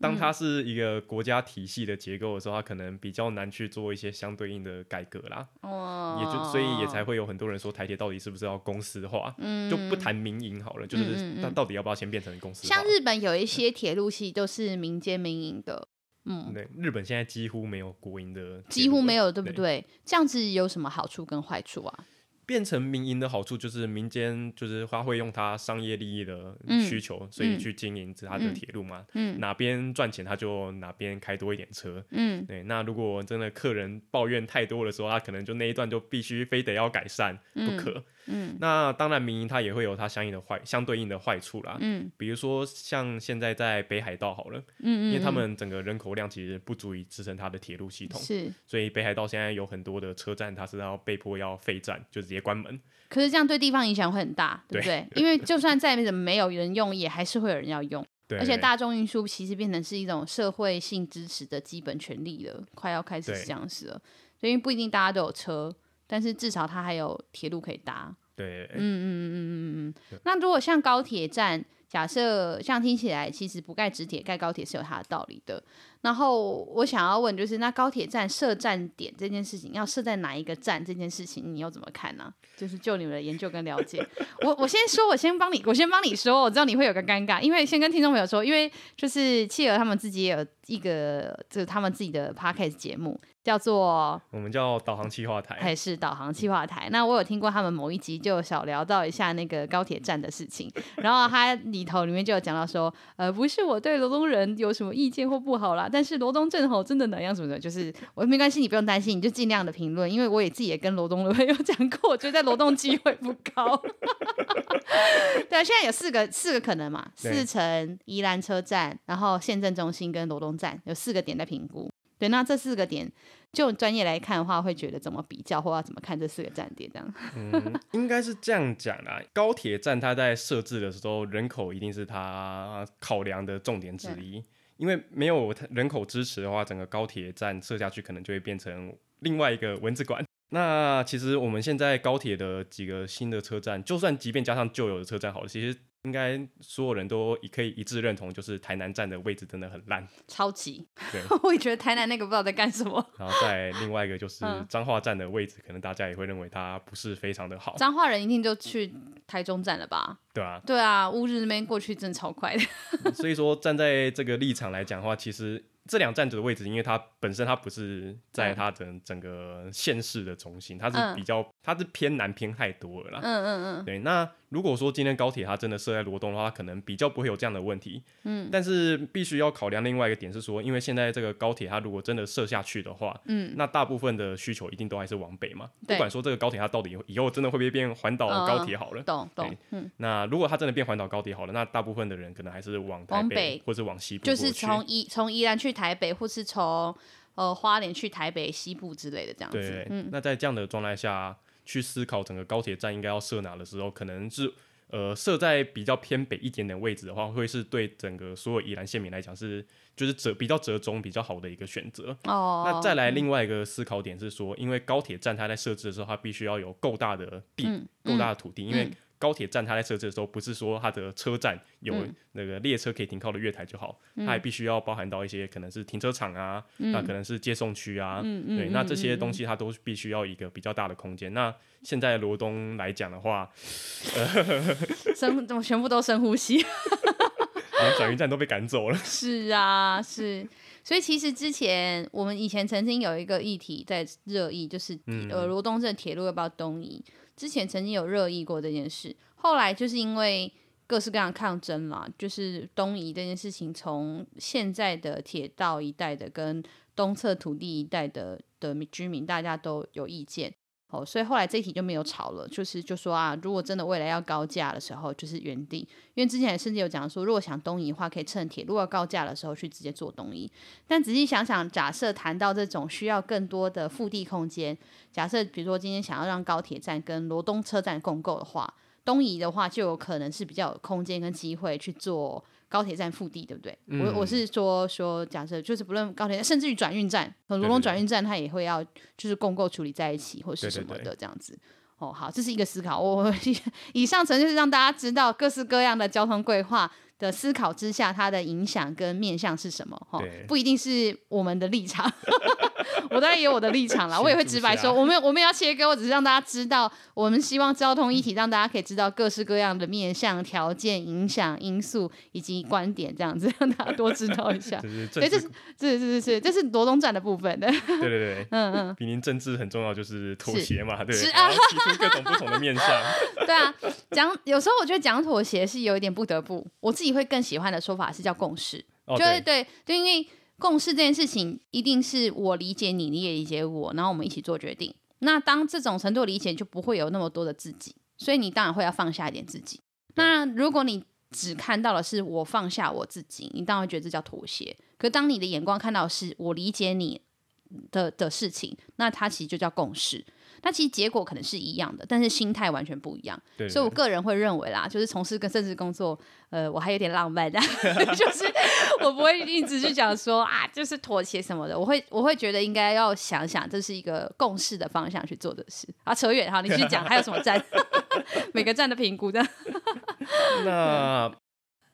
當它是一個國家體系的結構的時候，它可能比較難去做一些相對應的改革啦。哦，也就所以也才會有很多人說，台鐵到底是不是要公司化？嗯，就不談民營好了，就是它、嗯嗯嗯、到底要不要先變成公司？像日本有一些鐵路系都是民間民營的嗯。嗯，對，日本現在幾乎沒有國營的，幾乎沒有，對不對，對？這樣子有什麼好處跟壞處啊？變成民營的好處就是民間就是他會用它商業利益的需求，嗯、所以去經營他的鐵路嘛。嗯，嗯，哪邊賺錢他就哪邊開多一點車。嗯，對。那如果真的客人抱怨太多的時候，他可能就那一段就必須非得要改善不可。嗯嗯，那當然，民營它也會有它相應的壞相對應的壞處啦。嗯，比如說像現在在北海道好了，嗯嗯，因為他們整個人口量其實不足以支撐它的鐵路系統，是，所以北海道現在有很多的車站，它是要被迫要廢站，就直接關門。可是這樣對地方影響會很大對，對不對？因為就算再怎麼沒有人用， *laughs* 也還是會有人要用。對。而且大眾運輸其實變成是一種社會性支持的基本權利了，快要開始這樣子了。對。因為不一定大家都有車。但是至少它還有鐵路可以搭，對，嗯嗯嗯嗯嗯。嗯。那如果像高鐵站，假設像聽起來其實不蓋直鐵蓋高鐵是有它的道理的。然後我想要問就是，那高鐵站設站點這件事情，要設在哪一個站這件事情，你又怎麼看呢？啊？就是就你們的研究跟了解， *laughs* 我我先說，我先幫你，我先幫你說，我知道你會有個尷尬，因為先跟聽眾朋友說，因為就是企鵝他們自己也有一個，就是他們自己的 Podcast 節目。叫做我們叫導航企劃台還是導航企劃台、嗯？那我有聽過他們某一集就小聊到一下那個高鐵站的事情，然後它裡頭裡面就有講到說， *laughs* 呃，不是我對羅東人有什麼意見或不好啦，但是羅東正好真的能樣什麼的，就是我沒關係，你不用擔心，你就盡量的評論，因為我也自己也跟羅東的朋友講過，我覺得在羅東機會不高。 *laughs* 對，現在有四個四個可能嘛，四城宜蘭車站，然後縣政中心跟羅東站有四個點在評估。對，那這四個點，就專業來看的話，會覺得怎麼比較，或要怎麼看這四個站點？這樣。嗯，應該是這樣講啦。高鐵站它在設置的時候，人口一定是它考量的重點之一，因為沒有人口支持的話，整個高鐵站設下去，可能就會變成另外一個蚊子館。那其實我們現在高鐵的幾個新的車站，就算即便加上舊有的車站，好了，其實。應該所有人都可以一致認同，就是台南站的位置真的很爛，超級。對， *laughs* 我也覺得台南那個不知道在幹什麼。然後再另外一個就是彰化站的位置，嗯，可能大家也會認為它不是非常的好。彰化人一定就去台中站了吧？對啊，對啊，烏日那邊過去真的超快的。 *laughs* 所以說，站在這個立場來講的話，其實。這兩站子的位置，因為它本身它不是在它整整個縣市的中心，它是比較、嗯、它是偏南偏太多了啦。嗯嗯嗯。對，那如果說今天高鐵它真的設在羅東的話，它可能比較不會有這樣的問題。嗯。但是必須要考量另外一個點是說，因為現在這個高鐵它如果真的設下去的話，嗯，那大部分的需求一定都還是往北嘛。嗯、不管說這個高鐵它到底以後真的會不會變環島高鐵好了。嗯、懂懂、嗯。那如果它真的變環島高鐵好了，那大部分的人可能還是往台北，往北或是往西部。就是從宜從宜蘭去。台北，或是從呃花蓮去台北西部之類的這樣子。對嗯、那在這樣的狀態下去思考整個高鐵站應該要設哪的時候，可能是呃設在比較偏北一點點位置，的話，會是對整個所有宜蘭縣民來講是就是折比較折中比較好的一個選擇、哦。那再來另外一個思考點是說，嗯、因為高鐵站它在設置的時候，它必須要有夠大的地，夠、嗯嗯、大的土地，因為。高鐵站，它在設置的時候，不是說它的車站有那個列車可以停靠的月台就好，它、嗯、還必須要包含到一些可能是停車場啊，嗯、那可能是接送區啊，嗯、對、嗯對嗯，那這些東西它都必須要一個比較大的空間、嗯。那現在羅東來講的話，深、嗯，呃、怎麼全部都深呼吸，轉 *laughs* 運站都被趕走了，是啊，是，所以其實之前我們以前曾經有一個議題在熱議，就是、嗯、呃羅東鎮鐵路要不要東移。之前曾經有熱議過這件事，後來就是因為各式各樣抗爭了，就是東移這件事情，從現在的鐵道一帶的跟東側土地一帶的的居民，大家都有意見。哦，所以後來這一題就沒有吵了，就是就說啊，如果真的未來要高架的時候，就是原地，因為之前甚至有講說，如果想東移的話，可以趁鐵路要高架的時候去直接做東移。但仔細想想，假設談到這種需要更多的腹地空間，假設比如說今天想要讓高鐵站跟羅東車站共構的話，東移的話就有可能是比較有空間跟機會去做。高鐵站腹地，對不對？我、嗯、我是說說，假設就是不論高鐵站，甚至於轉運站，和羅東轉運站，它也會要就是共構處理在一起，或是什麼的對對對對這樣子。哦，好，這是一個思考。我以上程就是讓大家知道各式各樣的交通規劃。的思考之下，它的影響跟面向是什麼？哈、哦，不一定是我們的立場， *laughs* *laughs* 我當然也有我的立場了。我也會直白說，我們我們也要切割，我只是讓大家知道，我們希望交通議題，嗯，讓大家可以知道各式各樣的面向、條件、影響因素以及觀點，這樣子讓大家多知道一下。這是這是，是是，是這是羅東轉的部分的。 *laughs* 對，對對對，嗯嗯，比您政治很重要就是妥協嘛，是對是啊，然後提出各種不同的面向。 *laughs* 對啊，講有時候我覺得講妥協是有一點不得不我。自己會更喜歡的說法是叫共識，就、oh, 是對，就對對，因為共識這件事情，一定是我理解你，你也理解我，然後我們一起做決定。那當這種程度理解，就不會有那麼多的自己，所以你當然會要放下一點自己。那如果你只看到的是我放下我自己，你當然會覺得這叫妥協。可當你的眼光看到的是我理解你的的、的事情，那它其實就叫共識。它其實結果可能是一樣的，但是心態完全不一樣。對對。所以我個人會認為啦，就是從事跟政治工作，呃，我還有點浪漫的、啊， *laughs* 就是我不會一直去講說啊，就是妥協什麼的。我會，我會覺得應該要想想，這是一個共識的方向去做的事。啊，扯遠哈，你去講還有什麼站， *laughs* 每個站的評估的。 *laughs* 那、嗯、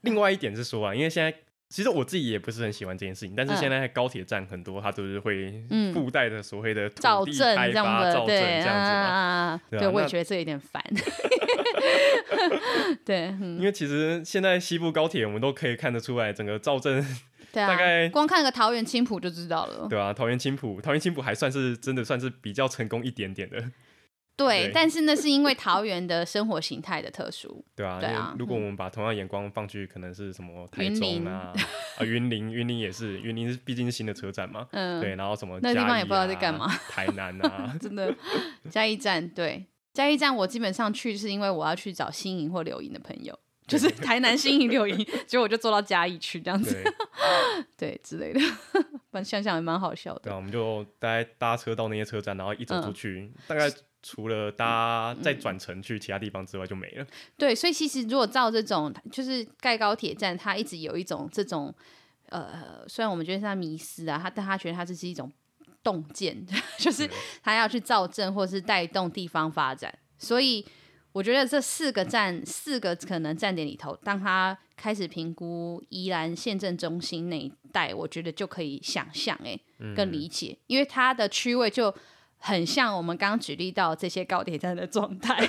另外一點是說啊，因為現在。其實我自己也不是很喜歡這件事情，但是現在在高鐵站很多，嗯、它都是會附帶的所謂的土地開發、造鎮這，這樣子嘛對，、啊對啊。對，我也覺得這有點煩。 *laughs* *laughs* 對、嗯，因為其實現在西部高鐵，我們都可以看得出來，整個造鎮，啊、 *laughs* 大概光看個桃園青埔就知道了，對吧，啊？桃園青埔，桃園青埔還算是真的算是比較成功一點點的。對，對，但是那是因為桃園的生活形態的特殊。對啊，對啊。如果我們把同樣眼光放去、嗯，可能是什麼台中啊，雲啊，雲林，雲林也是，雲林是畢竟是新的車站嘛。嗯。對，然後什麼、啊？那地方也不知道在幹嘛。台南啊， *laughs* 真的。嘉義站，對，嘉義站，我基本上去是因為我要去找新營或柳營的朋友，對對對，就是台南新營、柳營，結果我就坐到嘉義去這樣子，對， *laughs* 對，之類的。反正想想也蠻好笑的。對啊，我們就大概搭車到那些車站，然後一走出去，嗯、大概。除了搭再轉乘去其他地方之外就沒了，嗯嗯。對，所以其實如果造這種就是蓋高鐵站，它一直有一種這種呃，雖然我們覺得他迷思啊，他但他覺得他這是一種洞見，就是他要去造鎮或是帶動地方發展。所以我覺得這四個站，嗯、四個可能站點裡頭，當他開始評估宜蘭縣政中心那一帶，我覺得就可以想象，誒、欸嗯，更理解，因為它的區位就。很像我們剛剛舉例到這些高鐵站的狀態，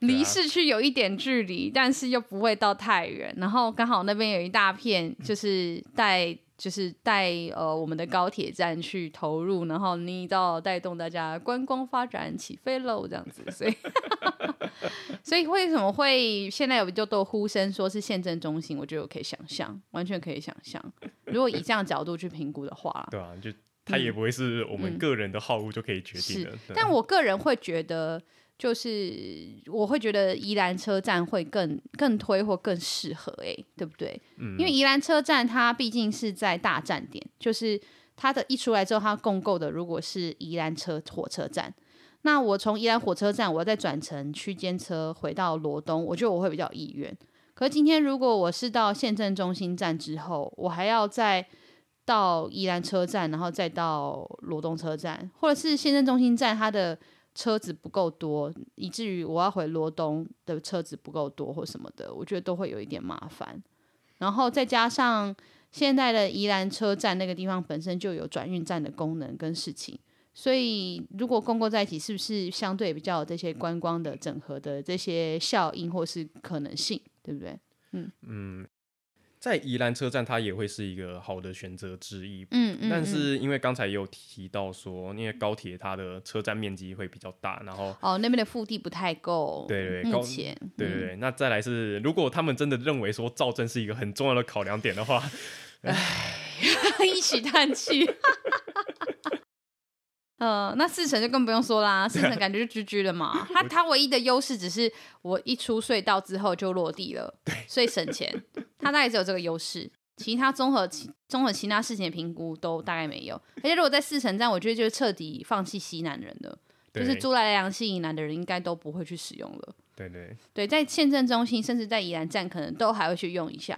離市區有一點距離，啊，但是又不會到太遠。然後剛好那邊有一大片就，就是帶就是帶呃我們的高鐵站去投入，然後你到帶動大家觀光發展起飛嘍，這樣子。所以 *laughs* *laughs* 所以為什麼會現在有比較多呼聲說是縣政中心？我覺得我可以想象，完全可以想象。如果以這樣角度去評估的話，對啊，就。它也不會是我們個人的好惡就可以決定的，嗯。但我個人會覺得，就是我會覺得宜蘭車站會更更推或更適合誒，欸，對不對？嗯、因為宜蘭車站它畢竟是在大站點，就是它的一出來之後，它共構的如果是宜蘭車火車站，那我從宜蘭火車站我要再轉乘區間車回到羅東，我覺得我會比較有意願。可是今天如果我是到縣政中心站之後，我還要在。到宜蘭車站，然後再到羅東車站，或者是縣政中心站，它的車子不夠多，以至於我要回羅東的車子不夠多，或什麼的，我覺得都會有一點麻煩。然後再加上現在的宜蘭車站那個地方本身就有轉運站的功能跟事情，所以如果共構在一起，是不是相對比較有這些觀光的整合的這些效應或是可能性，對不對？嗯嗯。在宜蘭車站，它也會是一個好的選擇之一，嗯。嗯，但是因為剛才也有提到說，因為高鐵它的車站面積會比較大，然後哦，那邊的腹地不太夠。對對對，高鐵對對對，嗯。那再來是，如果他們真的認為說造鎮是一個很重要的考量點的話，哎，一起嘆氣。呃，那四城就更不用說啦，啊，四城感覺就 GG 了嘛。它它唯一的優勢只是我一出隧道之後就落地了，所以省錢。它大概只有這個優勢，其他綜合其綜合其他事情的評估都大概沒有。而且如果在四城站，我覺得就徹底放棄西南人了，就是住在蘭陽溪以南的人應該都不會去使用了。對對對，對在縣政中心甚至在宜蘭站可能都還會去用一下，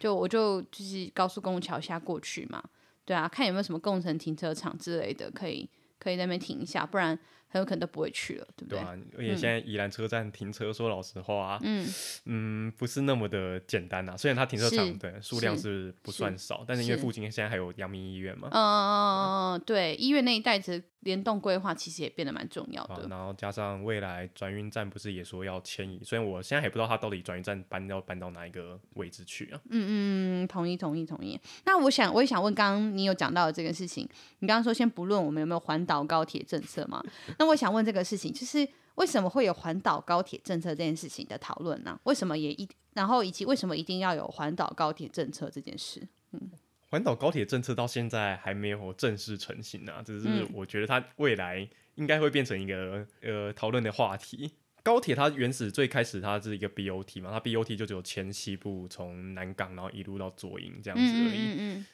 就我就就是高速公路橋下過去嘛。對啊，看有沒有什麼共乘停車場之類的可以，可以在那邊停一下，不然。很有可能都不會去了，對不對？對啊，而且現在宜蘭車站停車，說老實話、啊，嗯嗯，不是那麼的簡單吶、啊。雖然它停車場的數量是不算少，但是因為附近現在還有陽明醫院嘛，嗯嗯嗯嗯，對，醫院那一帶子聯動規劃其實也變得蠻重要的、啊。然後加上未來轉運站不是也說要遷移，雖然我現在也不知道它到底轉運站搬要搬到哪一個位置去啊。嗯嗯，同意同意同意。那我想我也想問，剛剛你有講到的這個事情，你剛剛說先不論我們有沒有環島高鐵政策嘛？ *laughs* 那我想問這個事情，就是為什麼會有環島高鐵政策這件事情的討論呢？為什麼也一然後以及為什麼一定要有環島高鐵政策這件事？嗯，環島高鐵政策到現在還沒有正式成型呢、啊，只、就是我覺得它未來應該會變成一個、嗯、呃討論的話題。高鐵它原始最開始它是一個 BOT 嘛，它 BOT 就只有前西部從南港然後一路到左營這樣子而已。嗯嗯嗯。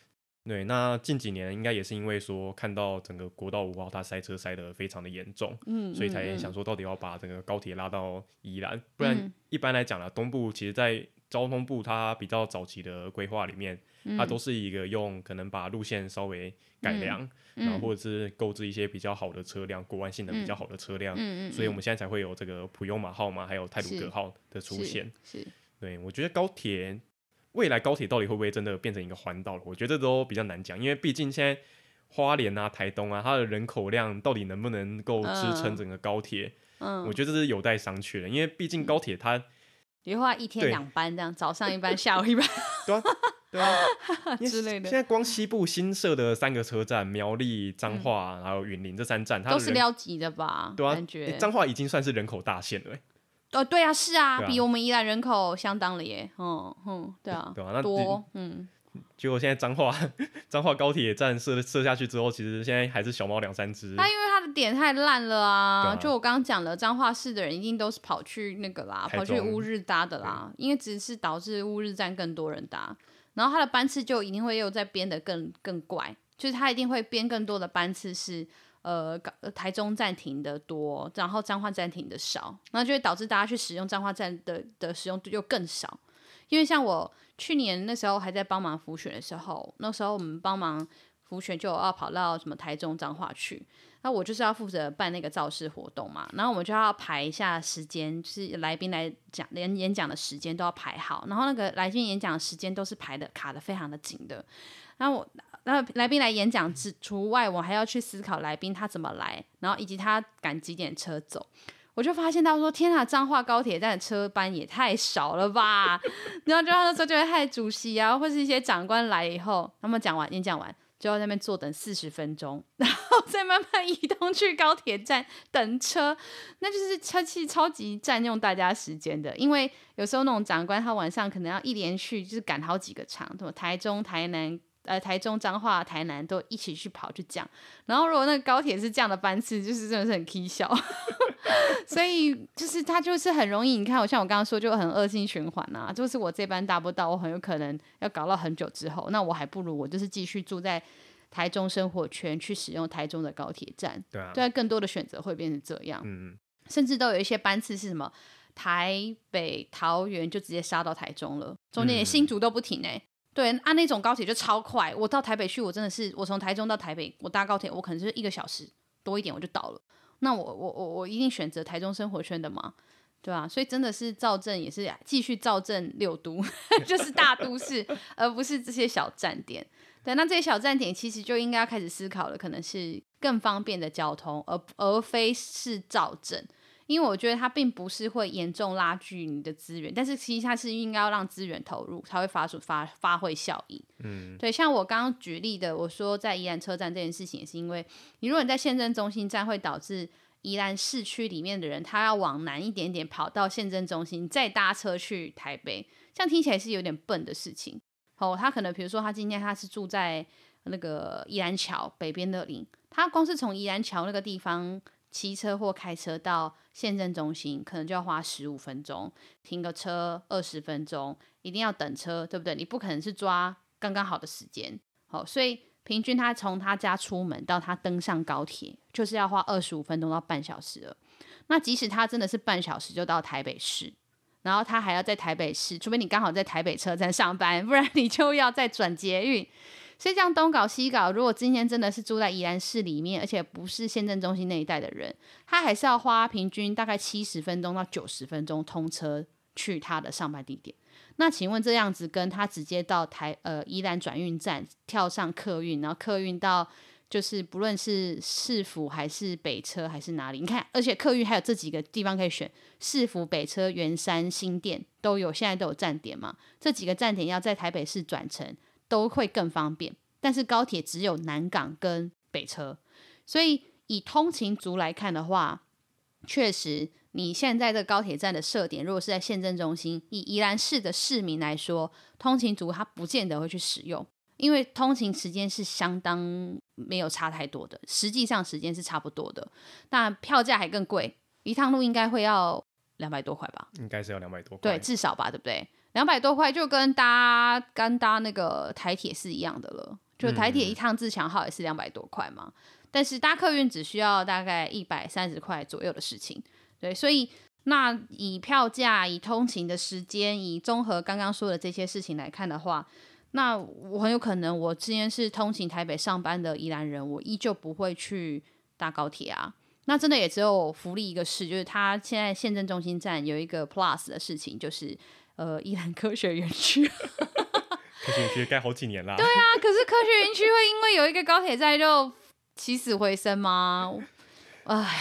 對，那近幾年應該也是因為說看到整個國道五號它塞車塞得非常的嚴重，嗯嗯，所以才想說到底要把整個高鐵拉到宜蘭，不然一般來講了，嗯，東部其實在交通部它比較早期的規劃裡面，它都是一個用可能把路線稍微改良，嗯，然後或者是購置一些比較好的車輛，國外性能比較好的車輛，嗯嗯嗯，所以我們現在才會有這個普悠瑪號嘛，還有太魯閣號的出現，是，是是對，我覺得高鐵。未來高鐵到底會不會真的變成一個環島我覺得都比較難講，因為畢竟現在花蓮啊、台東啊，它的人口量到底能不能夠支撐整個高鐵？嗯嗯、我覺得這是有待商榷的，因為畢竟高鐵它，如、嗯、話，一天兩班這樣，呃、早上一班、呃，下午一班，對啊，對啊，對啊 *laughs* *laughs* 之類的。現在光西部新設的三個車站，苗栗、彰化、啊嗯，還有雲林這三站，它都是撩級的吧？對啊，感、欸、彰化已經算是人口大縣了、欸。呃、哦，對啊，是啊，啊比我們宜蘭人口相當了耶，啊、嗯哼、嗯啊，對啊，多，嗯，結果現在彰化，彰、嗯、化高鐵站設設下去之後，其實現在還是小貓兩三隻。那因為他的點太爛了啊，啊就我剛剛講了，彰化市的人一定都是跑去那個啦，跑去烏日搭的啦，因為只是導致烏日站更多人搭，然後他的班次就一定會又再編的更更怪，就是他一定會編更多的班次是。呃，台中暫停的多，然後彰化暫停的少，那就會導致大家去使用彰化站的的使用度就更少。因為像我去年那時候還在幫忙輔選的時候，那時候我們幫忙輔選就要跑到什麼台中彰化去，那我就是要負責辦那個造勢活動嘛，然後我們就要排一下時間，就是來賓來講，連演講的時間都要排好，然後那個來賓演講的時間都是排得卡得非常的緊的，那我。然後來賓來演講只除外，我還要去思考來賓他怎麼來，然後以及他趕幾點車走。我就發現他說：“天啊，彰化高鐵站的車班也太少了吧？” *laughs* 然後就他那時候就會害主席啊，或是一些長官來以後，他們講完演講完，就要在那邊坐等四十分鐘，然後再慢慢移動去高鐵站等車。那就是車期超級佔用大家時間的，因為有時候那種長官他晚上可能要一連去，就是趕好幾個場，什麼台中、台南。呃，台中、彰化、台南都一起去跑，去降。然後如果那個高鐵是這樣的班次，就是真的是很蹊蹺。 *laughs* 所以就是它就是很容易，你看我像我剛剛說，就很惡性循環啊。就是我這班搭不到，我很有可能要搞到很久之後，那我還不如我就是繼續住在台中生活圈，去使用台中的高鐵站。對啊。對，更多的選擇會變成這樣。嗯。甚至都有一些班次是什麼？台北、桃園就直接殺到台中了，中間連新竹都不停哎。嗯對，按、啊、那種高鐵就超快。我到台北去，我真的是我從台中到台北，我搭高鐵，我可能就一個小時多一點我就到了。那我我我我一定選擇台中生活圈的嘛，對吧、啊？所以真的是造鎮也是繼續造鎮六都， *laughs* 就是大都市， *laughs* 而不是這些小站點。對，那這些小站點其實就應該要開始思考了，可能是更方便的交通，而而非是造鎮。因為我覺得它並不是會嚴重拉鋸你的資源，但是其實它是應該要讓資源投入才會發出發發揮效益。嗯，對，像我剛剛舉例的，我說在宜蘭車站這件事情，也是因為你如果你在縣政中心站，會導致宜蘭市區裡面的人，他要往南一點點跑到縣政中心再搭車去台北，這樣聽起來是有點笨的事情。哦、oh,，他可能比如說他今天他是住在那個宜蘭橋北邊的林，他光是從宜蘭橋那個地方。騎車或開車到縣政中心，可能就要花十五分鐘，停個車二十分鐘，一定要等車，對不對？你不可能是抓剛剛好的時間，好，所以平均他從他家出門到他登上高鐵，就是要花二十五分鐘到半小時了。那即使他真的是半小時就到台北市，然後他還要在台北市，除非你剛好在台北車站上班，不然你就要再轉捷運。所以這樣東搞西搞，如果今天真的是住在宜蘭市裡面，而且不是縣政中心那一帶的人，他還是要花平均大概七十分鐘到九十分鐘通車去他的上班地點。那請問這樣子跟他直接到台呃宜蘭轉運站跳上客運，然後客運到就是不論是市府還是北車還是哪裡，你看，而且客運還有這幾個地方可以選：市府、北車、圓山、新店都有，現在都有站點嘛？這幾個站點要在台北市轉乘。都會更方便，但是高鐵只有南港跟北車，所以以通勤族來看的話，確實你現在這高鐵站的設點如果是在縣政中心，以宜蘭市的市民來說，通勤族他不見得會去使用，因為通勤時間是相當沒有差太多的，實際上時間是差不多的，但票價還更貴，一趟路應該會要兩百多塊吧？應該是要兩百多塊，對，至少吧，對不對？兩百多塊就跟搭剛搭那個台鐵是一樣的了，就台鐵一趟自強號也是兩百多塊嘛、嗯。但是搭客運只需要大概一百三十塊左右的事情。對，所以那以票價、以通勤的時間、以綜合剛剛說的這些事情來看的話，那我很有可能，我之前是通勤台北上班的宜蘭人，我依舊不會去搭高鐵啊。那真的也只有福利一個事，就是他現在縣政中心站有一個 plus 的事情，就是。呃，宜蘭科學園區， *laughs* 科學園區蓋好幾年了。 *laughs* 對啊，可是科學園區會因為有一個高鐵站就起死回生嗎？唉，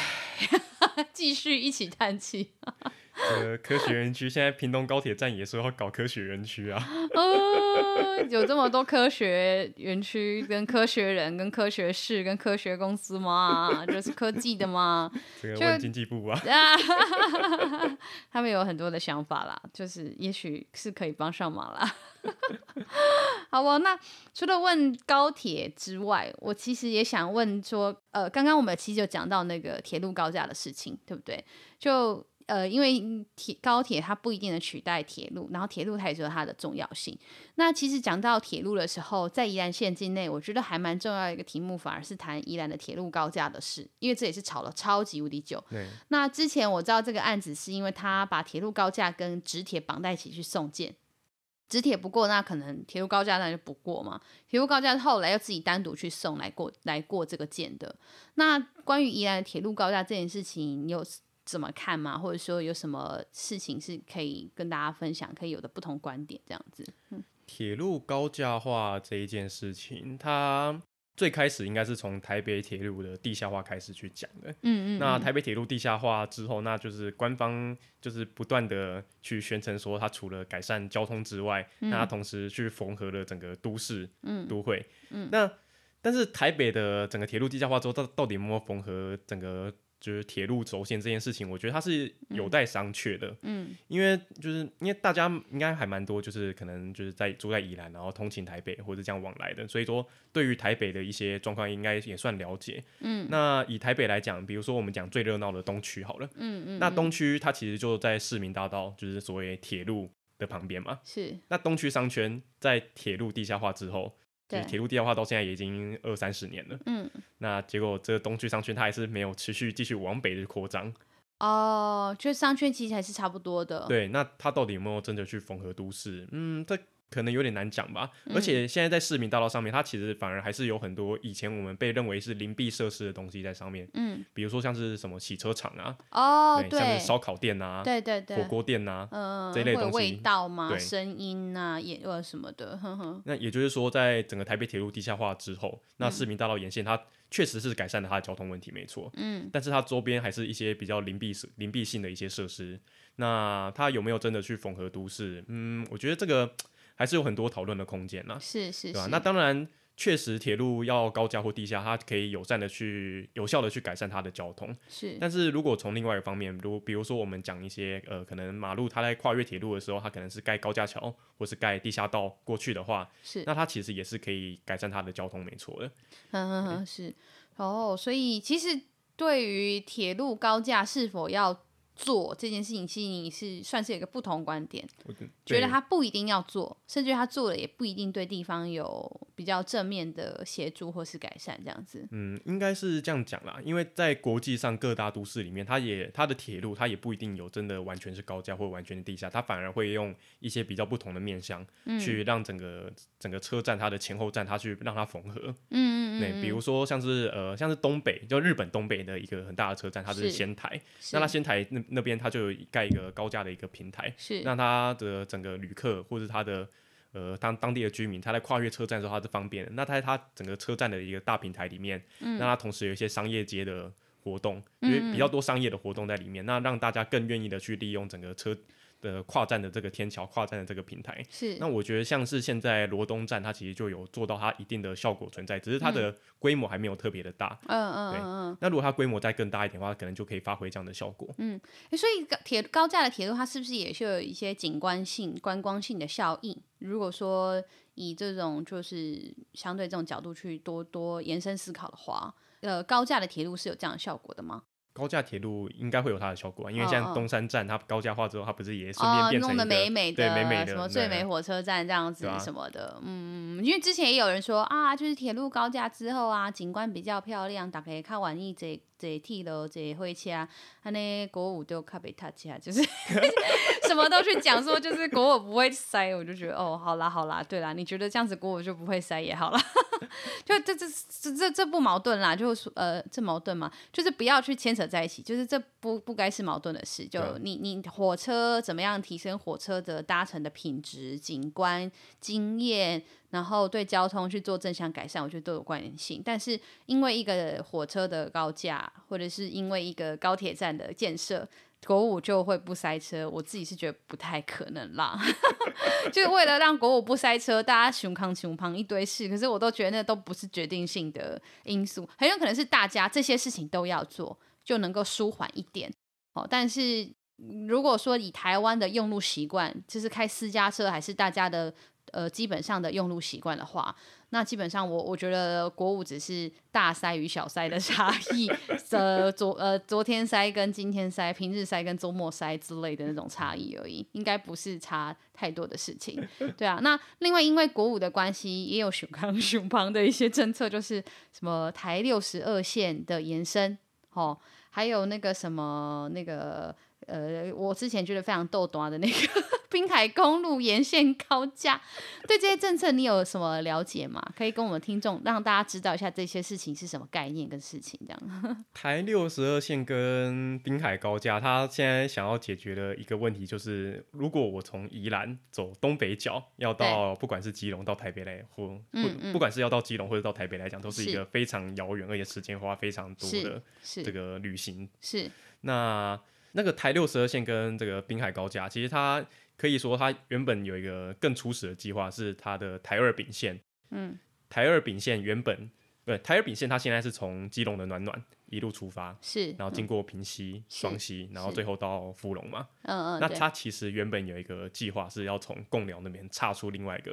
繼續一起嘆氣。 *laughs* 呃，科學園區現在屏東高鐵站也說要搞科學園區啊、呃。有這麼多科學園區、跟科學人、跟科學士、跟科學公司嗎？就是科技的嗎？這個問經濟部啊。哈哈他們有很多的想法啦，就是也許是可以幫上忙啦。好吧，那除了問高鐵之外，我其實也想問說，呃，剛剛我們其實就講到那個鐵路高架的事情，對不對？就呃，因為鐵高鐵它不一定能取代鐵路，然後鐵路它也有它的重要性。那其實講到鐵路的時候，在宜蘭縣境內，我覺得還蠻重要一個題目，反而是談宜蘭的鐵路高架的事，因為這也是吵了超級無敵久。那之前我知道這個案子是因為他把鐵路高架跟直鐵綁在一起去送件，直鐵不過，那可能鐵路高架那就不過嘛。鐵路高架後來又自己單獨去送來過來過這個件的。那關於宜蘭的鐵路高架這件事情，你有怎麼看嗎？或者說有什麼事情是可以跟大家分享，可以有的不同觀點這樣子？嗯，鐵路高架化這一件事情，它最開始應該是從台北鐵路的地下化開始去講的。嗯,嗯嗯。那台北鐵路地下化之後，那就是官方就是不斷的去宣稱說，它除了改善交通之外，嗯、那同時去縫合了整個都市，嗯，都會，嗯。那但是台北的整個鐵路地下化之後，到到底有沒有縫合整個？就是鐵路軸線這件事情，我覺得它是有待商榷的。嗯，嗯因為就是因為大家應該還蠻多，就是可能就是在住在宜蘭，然後通勤台北，或者是這樣往來的，所以說對於台北的一些狀況，應該也算了解。嗯，那以台北來講，比如說我們講最熱鬧的東區好了。嗯嗯。那東區它其實就在市民大道，就是所謂鐵路的旁邊嘛。是。那東區商圈在鐵路地下化之後。就鐵路地下化到現在也已經二三十年了，嗯，那結果這個東區商圈它還是沒有持續繼續往北的擴張，哦，就商圈其實還是差不多的，對，那它到底有沒有真的去縫合都市？嗯，可能有點難講吧，而且現在在市民大道上面，嗯，它其實反而還是有很多以前我們被認為是鄰避設施的東西在上面，嗯，比如說像是什麼洗車場，啊，哦，對，對像是燒烤店啊，對對，對火鍋店啊，嗯，這一類的東西，味道嘛，對，聲音啊，眼呃什麼的呵呵。那也就是說，在整個台北鐵路地下化之後，那市民大道沿線它確實是改善了它的交通問題，沒錯，嗯，但是它周邊還是一些比較鄰避設鄰避性的一些設施。那它有沒有真的去縫合都市？嗯，我覺得這個。還是有很多討論的空間呢，是是，是，吧？那當然，確實鐵路要高架或地下，它可以友善的去、有效的去改善它的交通。是，但是如果從另外一個方面，如比如說我們講一些呃，可能馬路它在跨越鐵路的時候，它可能是蓋高架橋或是蓋地下道過去的話，是，那它其實也是可以改善它的交通，沒錯的。嗯嗯嗯，是。然後，所以其實對於鐵路高架是否要。做這件事情，吸引你是算是有一個不同觀點，覺得他不一定要做，甚至他做了也不一定對地方有比較正面的協助或是改善這樣子。嗯，應該是這樣講啦，因為在國際上各大都市裡面，它也它的鐵路它也不一定有真的完全是高架或完全是地下，它反而會用一些比較不同的面向去讓整個、嗯、整個車站它的前後站它去讓它縫合。嗯，嗯，嗯、對，比如說像是呃像是東北，就日本東北的一個很大的車站，它是仙台是是，那它仙台那，那邊他就有蓋一個高架的一個平台，是讓他的整個旅客或者他的呃當當地的居民，他在跨越車站的時候他是方便的。那他在它整個車站的一個大平台裡面，嗯、那它同時有一些商業街的活動，因為比較多商業的活動在裡面，嗯嗯，那讓大家更願意的去利用整個車的跨站的這個天橋，跨站的這個平台，是。那我覺得像是現在羅東站，它其實就有做到它一定的效果存在，只是它的規模還沒有特別的大。嗯嗯嗯。那如果它規模再更大一點的話，可能就可以發揮這樣的效果。嗯，欸，所以高鐵、高架的鐵路，它是不是也是有一些景觀性、觀光性的效應？如果說以這種就是相對這種角度去多多延伸思考的話，呃，高架的鐵路是有這樣的效果的嗎？高架鐵路應該會有它的效果啊，因為像東山站，它高架化之後，它不是也順便變成、哦、弄得美美的，對，美美的什麼最美火車站這樣子什麼的，啊、嗯，因為之前也有人說啊，就是鐵路高架之後啊，景觀比較漂亮，打開看完意這。坐鐵路，坐火車，他呢國五都卡貝他恰，就是 *laughs* 什麼都去講說，就是國五不會塞，我就覺得哦，好啦好啦，對啦，你覺得這樣子國五就不會塞也好啦， *laughs* 就這這這這這不矛盾啦，就是呃這矛盾嘛，就是不要去牽扯在一起，就是這不不該是矛盾的事，就你你火車怎麼樣提升火車的搭乘的品質、景觀、經驗。然後對交通去做正向改善，我覺得都有關聯性。但是因為一個火車的高架，或者是因為一個高鐵站的建設，國五就會不塞車，我自己是覺得不太可能啦。 *laughs* 就是為了讓國五不塞車，大家窮扛窮胖一堆事，可是我都覺得那都不是決定性的因素。很有可能是大家這些事情都要做，就能夠舒緩一點。哦，但是如果說以台灣的用路習慣，就是開私家車，還是大家的。呃，基本上的用路習慣的話，那基本上我我覺得國五只是大塞與小塞的差異， *laughs* 呃，昨呃昨天塞跟今天塞，平日塞跟周末塞之類的那種差異而已，應該不是差太多的事情。 *laughs* 對啊，那另外因為國五的關係，也有雄康雄邦的一些政策，就是什麼台六十二線的延伸，哦，還有那個什麼那個呃，我之前覺得非常逗短的那個。 *laughs* 濱海公路沿線高架，對這些政策你有什麼了解嗎？可以跟我們聽眾讓大家知道一下這些事情是什麼概念跟事情這樣。台六十二線跟濱海高架，他現在想要解決的一個問題就是，如果我從宜蘭走東北角，要到不管是基隆到台北來，或不，嗯嗯、不管是要到基隆或者到台北來講，都是一個非常遙遠而且時間花非常多的這個旅行。是，是。那……那個台六十二線跟這個濱海高架，其實它可以說它原本有一個更初始的計劃，是它的台二丙線、嗯。台二丙線原本對、呃、台二丙線，它現在是從基隆的暖暖一路出發，是，然後經過平溪、雙、嗯、溪，然後最後到福隆嘛，後後福隆嘛。嗯嗯。那它其實原本有一個計劃是要從貢寮那邊岔出另外一個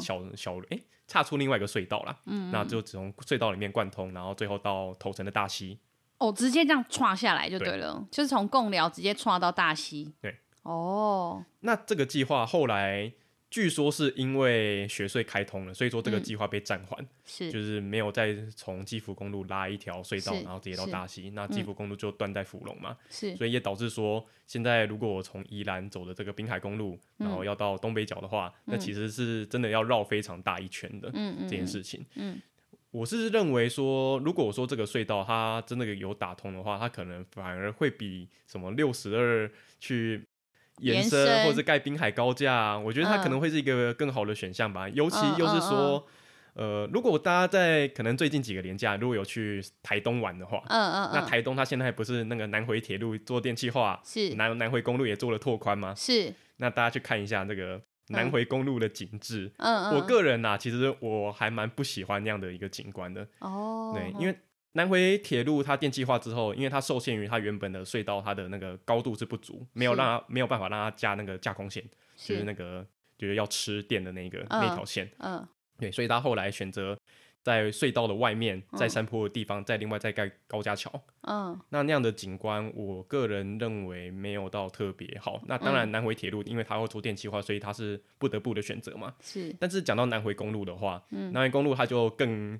小、嗯，小小誒、欸，岔出另外一個隧道啦。嗯嗯，那就只從隧道裡面貫通，然後最後到頭城的大溪。哦，直接這樣串下來就對了，對就是從貢寮直接串到大溪。對，哦，那這個計劃後來據說是因為雪隧開通了，所以說這個計劃被暫緩、嗯，是，就是沒有再從基福公路拉一條隧道，然後直接到大溪，那基福公路就斷在福隆嘛，是、嗯，所以也導致說現在如果我從宜蘭走的這個濱海公路，然後要到東北角的話，嗯、那其實是真的要繞非常大一圈的、嗯，這件事情，嗯。嗯我是認為說，如果我說這個隧道它真的有打通的話，它可能反而會比什麼六十二去延伸，延伸，或者是蓋濱海高架，嗯，我覺得它可能會是一個更好的選項吧。尤其又是說，嗯嗯嗯，呃，如果大家在可能最近幾個年假，如果有去台東玩的話，嗯嗯，嗯，那台東它現在不是那個南迴鐵路做電氣化，是南南迴公路也做了拓寬嗎？是，那大家去看一下那、這個。南回公路的景致，嗯嗯、我個人吶、啊，其實我還蠻不喜歡那樣的一個景觀的。哦，對，因為南回鐵路它電氣化之後，因為它受限於它原本的隧道，它的那個高度是不足，沒有讓它沒有辦法讓它加那個架空線，是就是那個就是要吃電的那個、嗯、那條線。嗯，對，所以他後來選擇。在隧道的外面，在山坡的地方，再、哦、另外再蓋高架橋。嗯、哦，那那樣的景觀，我個人認為沒有到特別好、哦。那當然南，南回鐵路因為它會做電氣化，所以它是不得不的選擇嘛。是。但是講到南回公路的話，嗯，南回公路它就更、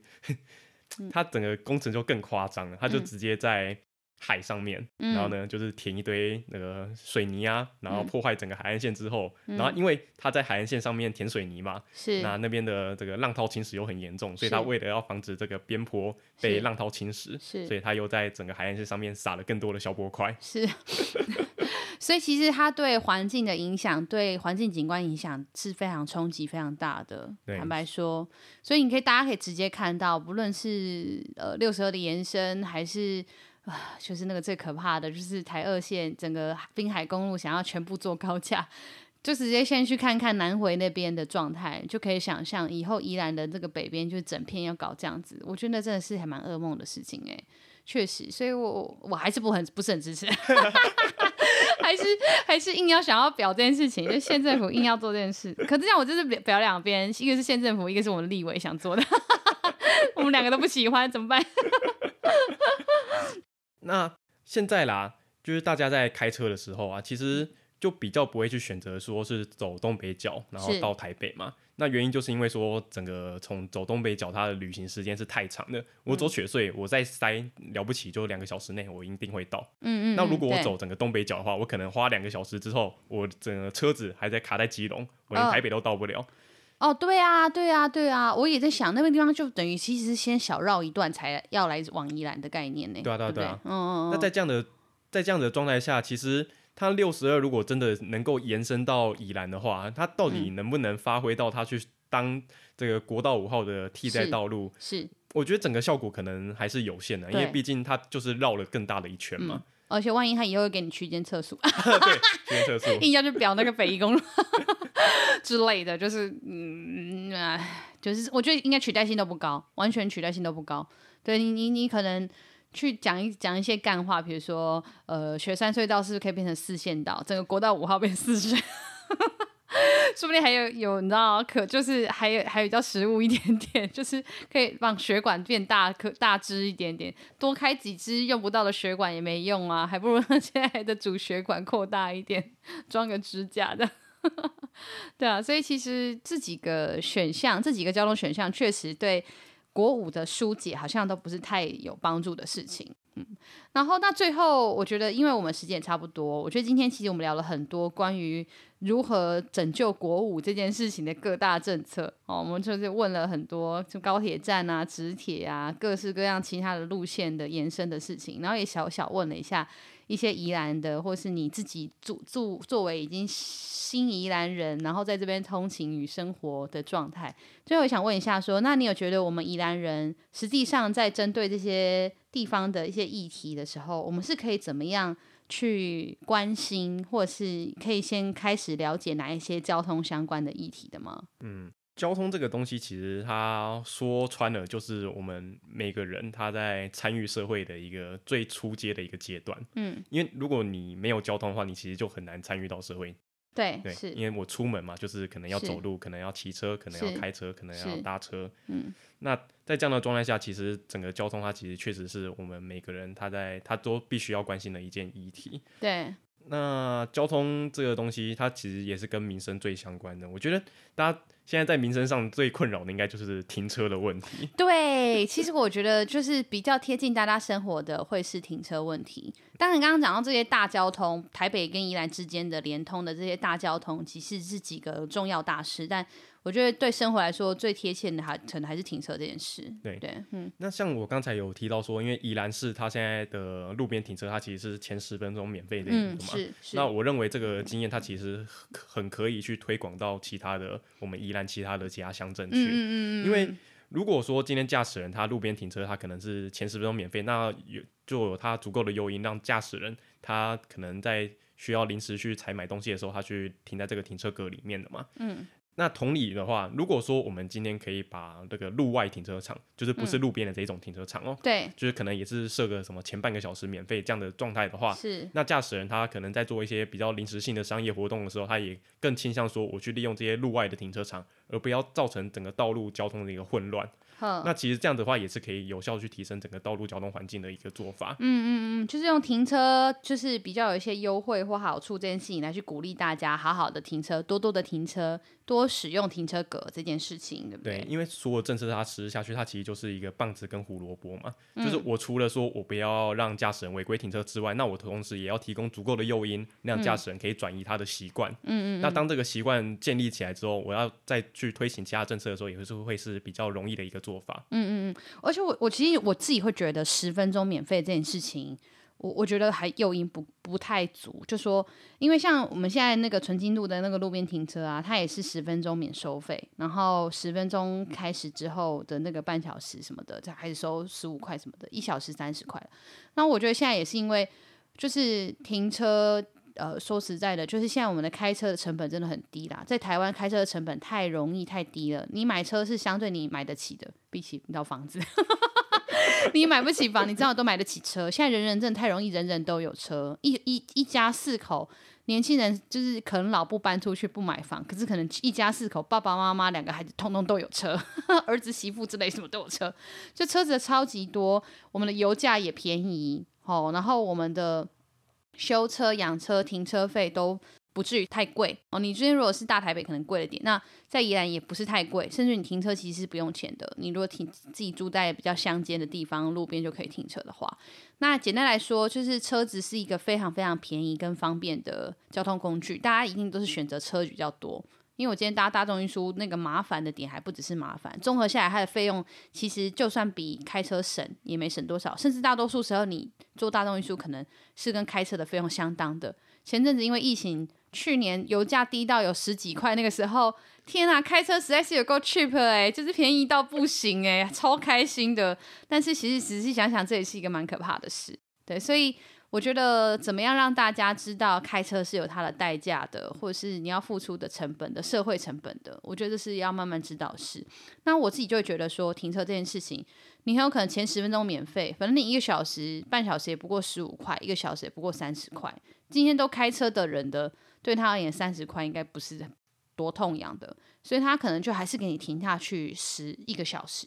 嗯，它整個工程就更誇張了，它就直接在。海上面，然後呢，嗯、就是填一堆那個水泥啊，然後破壞整個海岸線之後，嗯、然後因為他在海岸線上面填水泥嘛，是、嗯、那那邊的這個浪濤侵蝕又很嚴重，所以他為了要防止這個邊坡被浪濤侵蝕，是，所以他又在整個海岸線上面撒了更多的消波塊，是， *laughs* 所以其實它對環境的影響，對環境景觀影響是非常衝擊非常大的，對，坦白說，所以你可以大家可以直接看到，不論是呃六十二的延伸還是。就是那個最可怕的，就是台二線整個濱海公路想要全部做高架，就直接先去看看南回那邊的狀態，就可以想象以後宜蘭的這個北邊就整片要搞這樣子。我覺得真的是還蠻噩夢的事情哎、欸，確實，所以我我還是不很不是很支持， *laughs* 還是還是硬要想要表這件事情，就縣政府硬要做這件事，可是像我就是表兩邊，一個是縣政府，一個是我們立委想做的， *laughs* 我們兩個都不喜歡，怎麼辦？ *laughs* 那現在啦，就是大家在開車的時候啊，其實就比較不會去選擇說是走東北角，然後到台北嘛。那原因就是因為說，整個從走東北角，它的旅行時間是太長的。我走雪隧、嗯，我再塞了不起，就兩個小時內我一定會到。嗯，嗯嗯。那如果我走整個東北角的話，我可能花兩個小時之後，我整個車子還在卡在基隆，我連台北都到不了。哦哦，對啊，對啊，對啊，我也在想那個地方就等於其實先小繞一段才要來往宜蘭的概念呢。對啊對對，對啊，對啊。嗯，那在這樣的在這樣的狀態下，其實它六十二如果真的能夠延伸到宜蘭的話，它到底能不能發揮到它去當這個國道五號的替代道路是？是，我覺得整個效果可能還是有限的，啊，因為畢竟它就是繞了更大的一圈嘛。嗯而且萬一他以後會給你區間測速，對，區間測速，硬要就表那個北宜公路 *laughs* *laughs* 之類的，就是嗯、啊，就是我覺得應該取代性都不高，完全取代性都不高。對你，你，你可能去講一講一些幹話，比如說，呃，雪山隧道是不是可以變成四線道？整個國道五號變四線。 *laughs* *laughs* 說不定還有有你知道，可就是還有還有叫食物一點點，就是可以讓血管變大可大只一點點，多開幾支用不到的血管也沒用啊，還不如那現在的主血管擴大一點，裝個支架的。 *laughs* 對啊，所以其實這幾個選項，這幾個交通選項確實對國五的疏解好像都不是太有幫助的事情。嗯、然後，那最後我覺得，因為我們時間也差不多，我覺得今天其實我們聊了很多關於如何拯救國五這件事情的各大政策哦，我們就是問了很多,就高鐵站啊、直鐵啊、各式各樣其他的路線的延伸的事情，然後也小小問了一下。一些宜蘭的，或是你自己住住作為已經新宜蘭人，然後在這邊通勤與生活的狀態，最後我想問一下說，說那你有覺得我們宜蘭人實際上在針對這些地方的一些議題的時候，我們是可以怎麼樣去關心，或是可以先開始了解哪一些交通相關的議題的嗎？嗯。交通這個東西，其實它說穿了，就是我們每個人他在參與社會的一個最初階的一個階段。嗯，因為如果你沒有交通的話，你其實就很難參與到社會。對，對，因為我出門嘛，就是可能要走路，可能要騎車，可能要開車，可能要搭車。嗯，那在這樣的狀態下，其實整個交通它其實確實是我們每個人他在他都必須要關心的一件議題。對，那交通這個東西，它其實也是跟民生最相關的。我覺得大家。現在在民生上最困擾的應該就是停車的問題。對， *laughs* 其實我覺得就是比較貼近大家生活的會是停車問題。當然，剛剛講到這些大交通，台北跟宜蘭之間的連通的這些大交通，其實是幾個重要大事，但。我覺得對生活來說最貼切的還，還可能還是停車這件事。對對，嗯。那像我剛才有提到說，因為宜蘭市它現在的路邊停車，它其實是前十分鐘免費的嘛，嗯，是。是。那我認為這個經驗，它其實很可以去推廣到其他的我們宜蘭其他的其他鄉鎮去。嗯嗯嗯。因為如果說今天駕駛人他路邊停車，他可能是前十分鐘免費，那有就有他足夠的誘因，讓駕駛人他可能在需要臨時去採買東西的時候，他去停在這個停車格裡面的嘛。嗯。那同理的話，如果說我們今天可以把這個路外停車場，就是不是路邊的這種停車場哦、嗯，對，就是可能也是設個什麼前半個小時免費這樣的狀態的話，是，那駕駛人他可能在做一些比較臨時性的商業活動的時候，他也更傾向說我去利用這些路外的停車場。而不要造成整個道路交通的一個混亂。那其實這樣的話也是可以有效去提升整個道路交通環境的一個做法。嗯嗯嗯，就是用停車，就是比較有一些優惠或好處這件事情來去鼓勵大家好好的停車，多多的停車，多使用停車格這件事情，對不對？對，因為所有政策它實施下去，它其實就是一個棒子跟胡蘿蔔嘛。嗯。就是我除了說我不要讓駕駛人違規停車之外，那我同時也要提供足夠的誘因，讓駕駛人可以轉移他的習慣。嗯嗯，嗯嗯。那當這個習慣建立起來之後，我要再。去推行其他政策的時候，也會是會是比較容易的一個做法。嗯嗯嗯，而且我我其實我自己會覺得十分鐘免費這件事情，我我覺得還誘因不不太足。就說，因為像我們現在那個純金路的那個路邊停車啊，它也是十分鐘免收費，然後十分鐘開始之後的那個半小時什麼的，才開始收十五塊什麼的，一小時三十塊。那我覺得現在也是因為就是停車。呃，說實在的，就是現在我們的開車的成本真的很低啦，在台灣開車的成本太容易太低了。你買車是相對你買得起的，比起你到房子， *laughs* 你買不起房，你知道都買得起車。現在人人真的太容易，人人都有車。一一一家四口，年輕人就是可能老不搬出去不買房，可是可能一家四口，爸爸媽媽兩個孩子通通都有車， *laughs* 兒子媳婦之類什麼都有車，就車子超級多。我們的油價也便宜，好，哦，然後我們的。修車、養車、停車費都不至於太貴哦。你之前如果是大台北可能貴了點，那在宜蘭也不是太貴，甚至你停車其實是不用錢的。你如果停自己住在比較鄉間的地方，路邊就可以停車的話，那簡單來說就是車子是一個非常非常便宜跟方便的交通工具，大家一定都是選擇車比較多。因為我今天搭大眾運輸那個麻煩的點還不只是麻煩，綜合下來它的費用其實就算比開車省也沒省多少，甚至大多數時候你坐大眾運輸可能是跟開車的費用相當的。前陣子因為疫情，去年油價低到有十幾塊，那個時候天啊，開車實在是有夠 cheap 誒、欸，就是便宜到不行誒、欸，超開心的。但是其實仔細想想，這也是一個蠻可怕的事，對，所以。我覺得怎麼樣讓大家知道開車是有它的代價的，或者是你要付出的成本的、社會成本的？我覺得這是要慢慢知道的事。那我自己就會覺得說，停車這件事情，你很有可能前十分鐘免費，反正你一個小時、半小時也不過十五塊，一個小時也不過三十塊。今天都開車的人的，對他而言三十塊應該不是多痛癢的，所以他可能就還是給你停下去十一個小時。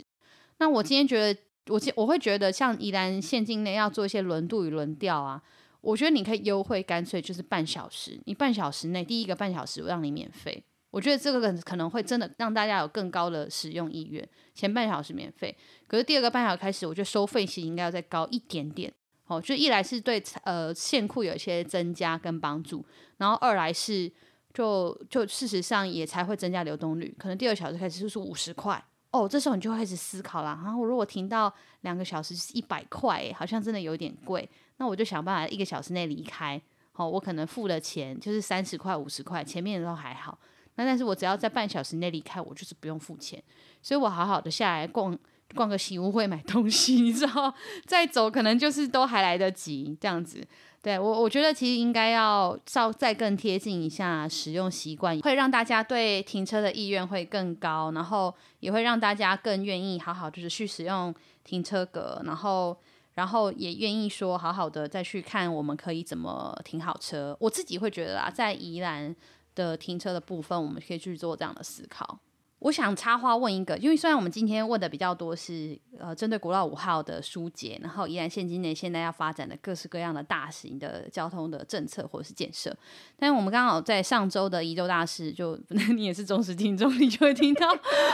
那我今天覺得。我我會覺得，像宜蘭縣境內要做一些輪渡與輪調啊，我覺得你可以優惠，乾脆就是半小時。你半小時內第一個半小時我讓你免費，我覺得這個可能會真的讓大家有更高的使用意願。前半小時免費，可是第二個半小時開始，我覺得收費其實應該要再高一點點。哦，就一來是對呃縣庫，有一些增加跟幫助，然後二來是就就事實上也才會增加流動率。可能第二小時開始就是五十塊。哦，這時候你就開始思考了。然後，啊，如果停到兩個小時是一百塊，好像真的有點貴。那我就想辦法一個小時內離開。好，哦，我可能付了錢，就是三十塊、五十塊，前面都還好。那但是我只要在半小時內離開，我就是不用付錢。所以我好好的下來逛逛個喜屋會買東西，你知道？再走可能就是都還來得及這樣子。對，我，我覺得其實應該要照再更貼近一下使用習慣，會讓大家對停車的意願會更高，然後也會讓大家更願意好好就是去使用停車格，然後然後也願意說好好的再去看我們可以怎麼停好車。我自己會覺得啊，在宜蘭的停車的部分，我們可以去做這樣的思考。我想插話問一個，因為雖然我們今天問的比較多是呃針對國道五號的疏解，然後宜蘭縣今年現在要發展的各式各樣的大型的交通的政策或者是建設，但是我們剛好在上週的一州大師就，就那你也是忠實聽眾，你就會聽到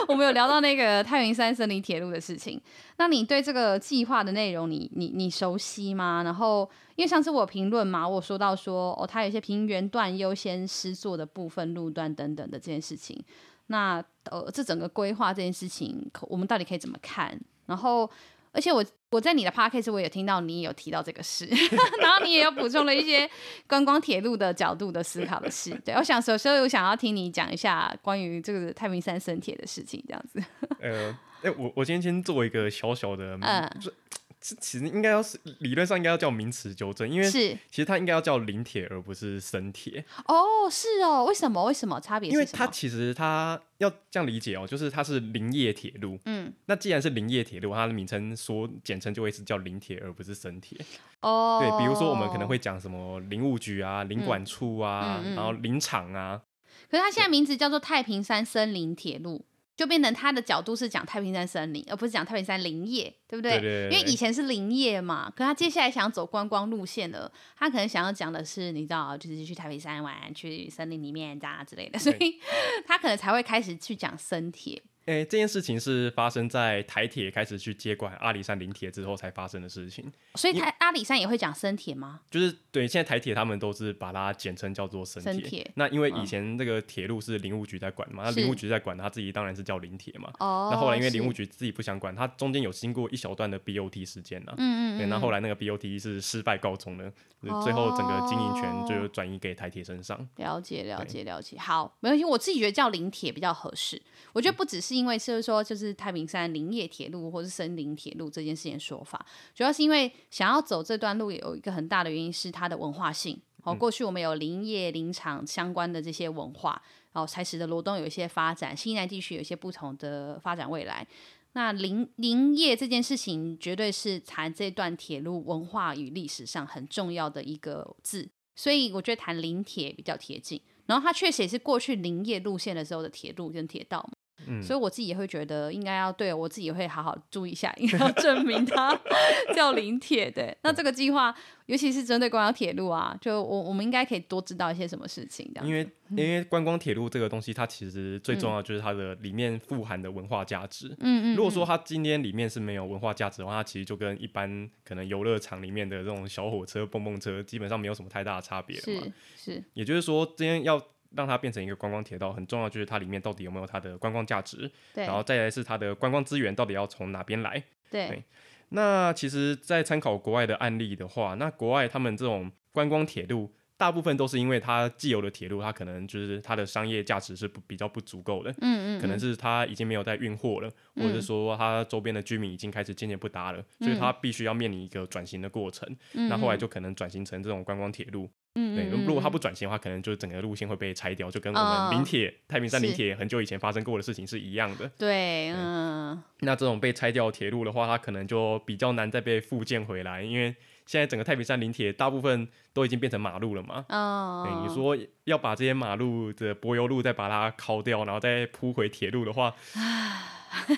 我們有聊到那個太平山森林鐵路的事情。 *laughs* 那你對這個計劃的內容你，你你你熟悉嗎？然後因為上次我有評論嘛，我有說到說哦，它有一些平原段優先施作的部分路段等等的這件事情。那呃，這整個規劃這件事情，我們到底可以怎麼看？然後，而且我我在你的 podcast 我也聽到你有提到這個事， *laughs* 然後你也有補充了一些觀光鐵路的角度的思考的事。對，我想有時候我想要聽你講一下關於這個太平山森鐵的事情，這樣子。呃，哎、欸，我我今天先做一個小小的，嗯。嗯.其實應該要是理論上應該要叫名詞糾正，因為其實它應該要叫林鐵，而不是森鐵。哦，是哦，為什麼？為什麼差別？因為它其實它要這樣理解哦，就是它是林業鐵路。嗯，那既然是林業鐵路，它的名稱說簡稱就會是叫林鐵，而不是森鐵。哦，對，比如說我們可能會講什麼林務局啊、林管處啊、嗯嗯嗯，然後林場啊。可是它現在名字叫做太平山森林鐵路。就變成他的角度是講太平山森林，而不是講太平山林業，對不對？對對對對。因為以前是林業嘛，可他接下來想走觀光路線了，他可能想要講的是，你知道，就是去太平山玩，去森林裡面這樣之類的，所以 *laughs* 他可能才會開始去講森鐵。哎、欸，這件事情是發生在台鐵開始去接管阿里山林鐵之後才發生的事情。所以台阿里山也會講森鐵嗎？就是對，現在台鐵他們都是把它簡稱叫做森鐵、鐵。那因為以前這個鐵路是林務局在管嘛，那、嗯、林務局在管，他自己當然是叫林鐵嘛。哦。那後、後來因為林務局自己不想管，他中間有經過一小段的 BOT 時間吶。嗯嗯嗯。那後、後來那個 BOT 是失敗告終的，哦、最後整個經營權就轉移給台鐵身上。了解、了解，了解，了解。好，沒問題。我自己覺得叫林鐵比較合適，我覺得不只是、嗯。因為就是說，就是太平山林業鐵路或是森林鐵路這件事情說法，主要是因為想要走這段路，有一個很大的原因是它的文化性。哦，過去我們有林業林場相關的這些文化，哦，才使得羅東有一些發展，新南地區有一些不同的發展未來。那林林業這件事情絕對是談這段鐵路文化與歷史上很重要的一個字，所以我覺得談林鐵比較貼近。然後它確實也是過去林業路線的時候的鐵路跟鐵道。嗯，所以我自己也會覺得應該要對我自己會好好注意一下，應該要證明它 *laughs* *laughs* 叫林鐵對，那這個計劃，尤其是針對觀光鐵路啊，就我我們應該可以多知道一些什麼事情。因為、嗯、因為觀光鐵路這個東西，它其實最重要就是它的裡面富含的文化價值。嗯嗯。如果說它今天裡面是沒有文化價值的話，嗯嗯嗯，它其實就跟一般可能遊樂場裡面的這種小火車、蹦蹦車，基本上沒有什麼太大的差別。是是。也就是說，今天要。讓它變成一個觀光鐵道。很重要就是它裡面到底有沒有它的觀光價值，然後再來是它的觀光資源到底要從哪邊來。對。對，那其實，在參考國外的案例的話，那國外他們這種觀光鐵路。大部分都是因為它既有的鐵路，它可能就是它的商業價值是不比較不足夠的，嗯嗯，可能是它已經沒有在運貨了，嗯、或者是說它周邊的居民已經開始漸漸不搭了，嗯、所以它必須要面臨一個轉型的過程、嗯。那後來就可能轉型成這種觀光鐵路，嗯，對。嗯、如果它不轉型的話，可能就整個路線會被拆掉，就跟我們林鐵、哦、太平山林鐵很久以前發生過的事情是一樣的。對，嗯嗯嗯，嗯。那這種被拆掉鐵路的話，它可能就比較難再被復建回來，因為。現在整個太平山林鐵大部分都已經變成馬路了嘛？哦，哦，哦哦欸、你說要把這些馬路的柏油路再把它敲掉，然後再鋪回鐵路的話，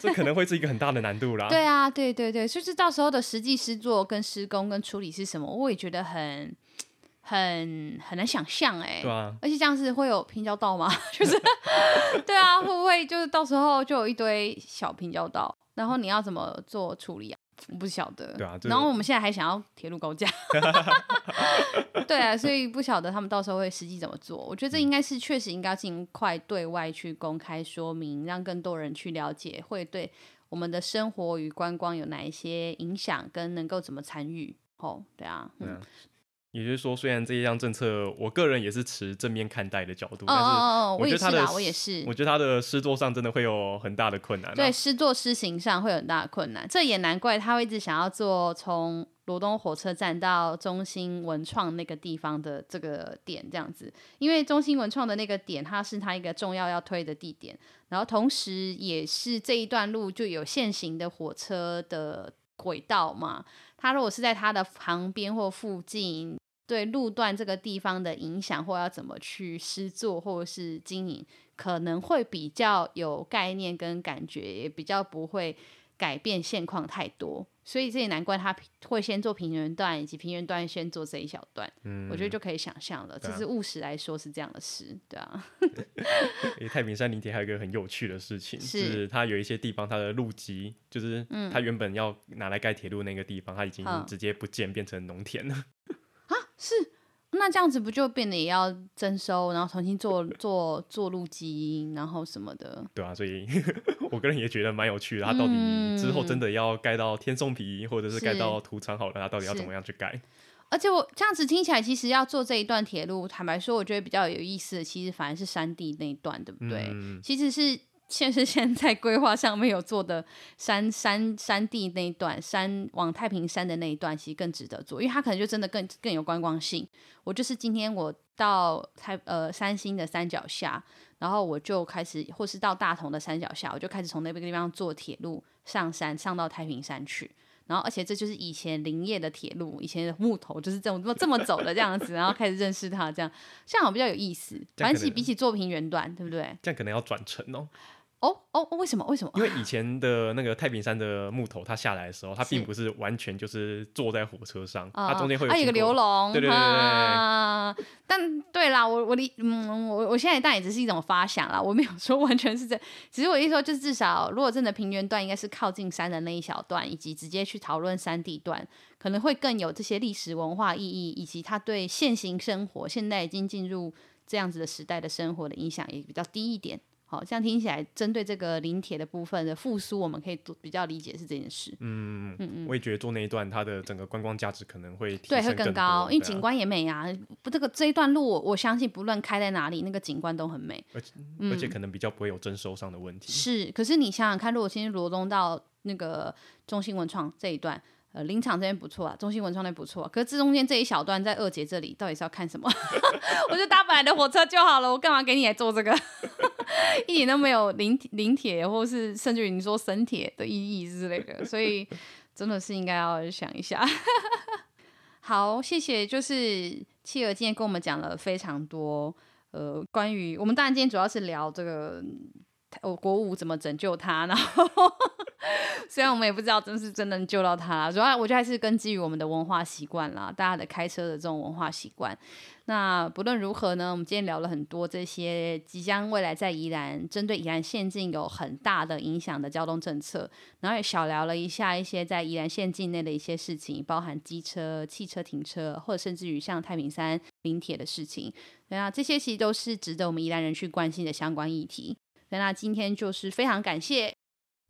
這可能會是一個很大的難度啦。 *laughs* 對啊，對對對，就是到時候的實際施作跟施工跟處理是什麼，我也覺得很很很難想象哎、欸。對啊。而且這樣是會有平交道嗎？就是 *laughs* *laughs* 對啊，會不會就是到時候就有一堆小平交道，然後你要怎麼做處理啊？我不曉得、對啊、對對對，然後我們現在還想要鐵路高架， *laughs* 對啊，所以不曉得他們到時候會實際怎麼做。我覺得這應該是確實應該盡快對外去公開說明，嗯、讓更多人去了解，會對我們的生活與觀光有哪一些影響，跟，能夠怎麼參與。哦、oh，對啊，嗯。也就是說，雖然這一項政策，我個人也是持正面看待的角度，哦哦哦哦但是我覺得他的我，我也是，我覺得他的施作上真的會有很大的困難、啊。對，施作施行上會有很大的困難，這也難怪他會一直想要做從羅東火車站到中心文創那個地方的這個點這樣子，因為中心文創的那個點，它是他一個重要要推的地點，然後同時也是這一段路就有現行的火車的軌道嘛。他如果是在他的旁邊或附近，對路段這個地方的影響，或要怎麼去施作或者是經營，可能會比較有概念跟感覺，也比較不會，改變現況太多，所以這也難怪他會先做平原段，以及平原段先做這一小段，嗯、我覺得就可以想象了。其實、啊、務實來說是這樣的事，對啊。 *laughs* 欸、太平山林鐵還有一個很有趣的事情，是他、就是、有一些地方，它的路基就是，他原本要拿來蓋鐵路那個地方，他、嗯、已經直接不見，變成農田了。啊、嗯，是。那這樣子不就變得也要徵收，然後重新做做做路基，然後什麼的？對啊，所以呵呵我個人也覺得蠻有趣的。他到底之後真的要蓋到天送埤，嗯，或者是蓋到土場，好了？他到底要怎麼樣去蓋？而且我這樣子聽起來，其實要做這一段鐵路，坦白說，我覺得比較有意思的，其實反而是山地那一段，對不對？嗯、其實是。其實現在規劃上沒有做的山山山地那一段，山往太平山的那一段，其實更值得做，因為它可能就真的更更有觀光性。我就是今天我到太呃三星的山腳下，然後我就開始，或是到大同的山腳下，我就開始從那邊個地方坐鐵路上山，上到太平山去。然後，而且這就是以前林業的鐵路，以前的木頭就是這麼這麼走的這樣子， *laughs* 然後開始認識它這樣，這樣好像比較有意思。反正比起做平原段，對不對？這樣可能要轉乘哦。哦哦，為什麼為什麼？因為以前的那個太平山的木頭，它下來的時候，它並不是完全就是坐在火車上，它、呃啊、中間會有。還、啊、有一個流籠，對對對，對呵呵。但對啦，我我的嗯，我我現在但也只是一種發想啦。我沒有說完全是這。其實我一說，就是至少如果真的平原段，應該是靠近山的那一小段，以及直接去討論山地段，可能會更有這些歷史文化意義，以及它對現行生活，現在已經進入這樣子的時代的生活的影響也比較低一點。好，這樣聽起來，針對這個林鐵的部分的復蘇，我們可以做比較理解是這件事。嗯嗯嗯嗯，我也覺得做那一段，它的整個觀光價值可能會提高，對會更高，對啊，因為景觀也美啊。不，這個這一段路，我相信不論開在哪裡，那個景觀都很美。而且而且可能比較不會有徵收上的問題，嗯。是，可是你想想看，如果先羅東到那個中興文創這一段。呃，林場這邊不錯啊，中興文創那邊不錯、啊，可是這中間這一小段在二結這裡到底是要看什麼？ *laughs* 我就搭本來的火車就好了，我幹嘛給你來做這個？ *laughs* 一點都沒有林林鐵，或是甚至於你說神鐵的意義之類的，所以真的是應該要想一下。 *laughs* 好，謝謝，就是企鵝今天跟我們講了非常多呃關於我們，當然今天主要是聊這個、哦、國五怎麼拯救他。然後。 *laughs* 雖然我們也不知道真是真能救到他，主要我覺得還是根基於我們的文化習慣了，大家的開車的這種文化習慣。那不論如何呢，我們今天聊了很多這些即將未來在宜蘭針對宜蘭縣境有很大的影響的交通政策，然後也小聊了一下一些在宜蘭縣境內的一些事情，包含機車、汽車停車，或者甚至於像太平山林鐵的事情。那、啊、這些其實都是值得我們宜蘭人去關心的相關議題。那、啊、今天就是非常感謝。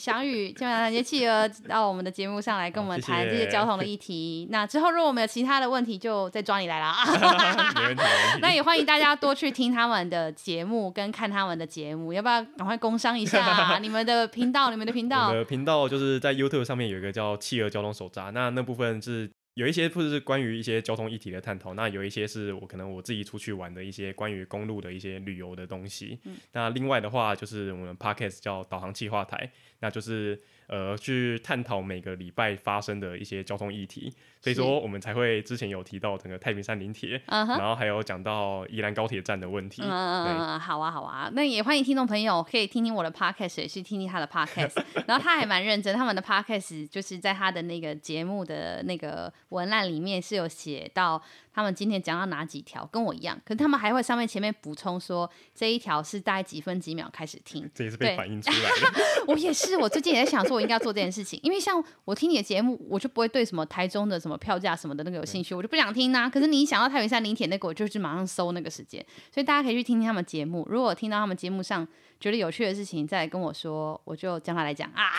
祥瑀，今晚那些企鵝到我們的節目上來跟我們談這些交通的議題。啊、謝謝那之後，如果我們有其他的問題，就再抓你來啦 *laughs* *laughs* 。那也歡迎大家多去聽他們的節目跟看他們的節目。 *laughs* 要不要趕快工商一下，啊、 *laughs* 你們的頻道？你們的頻道？我們的頻道就是在 YouTube 上面有一個叫《企鵝交通手札》，那那部分是。有一些或者是關於一些交通議題的探討，那有一些是我可能我自己出去玩的一些關於公路的一些旅遊的東西，嗯。那另外的話，就是我們 podcast 叫導航計劃台，那就是。呃，去探討每個禮拜發生的一些交通議題，所以說我們才會之前有提到整個太平山林鐵、uh -huh，然後還有講到宜蘭高鐵站的問題。嗯、uh、嗯 -huh. uh -huh. 好啊好啊，那也歡迎聽眾朋友可以聽聽我的 podcast，也去聽聽他的 podcast。 *laughs* 然後他還蠻認真，他們的 podcast 就是在他的那個節目的那個文案裡面是有寫到。他們今天講到哪幾條，跟我一樣，可是他們還會上面前面補充說，這一條是大概幾分幾秒開始聽，這也是，是被反映出來的。 *laughs* 我也是，我最近也在想說，我應該做這件事情， *laughs* 因為像我聽你的節目，我就不會對什麼台中的什麼票價什麼的那個有興趣，我就不想聽呢、啊。可是你一想到太魯山臨鐵那個，我就去馬上搜那個時間，所以大家可以去聽聽他們節目。如果我聽到他們節目上，覺得有趣的事情，再跟我說，我就將它來講啊。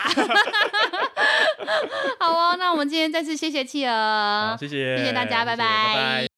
*laughs* *laughs* 好哦，那我們今天再次謝謝企鵝，謝謝，謝謝大家，謝謝拜拜。拜拜。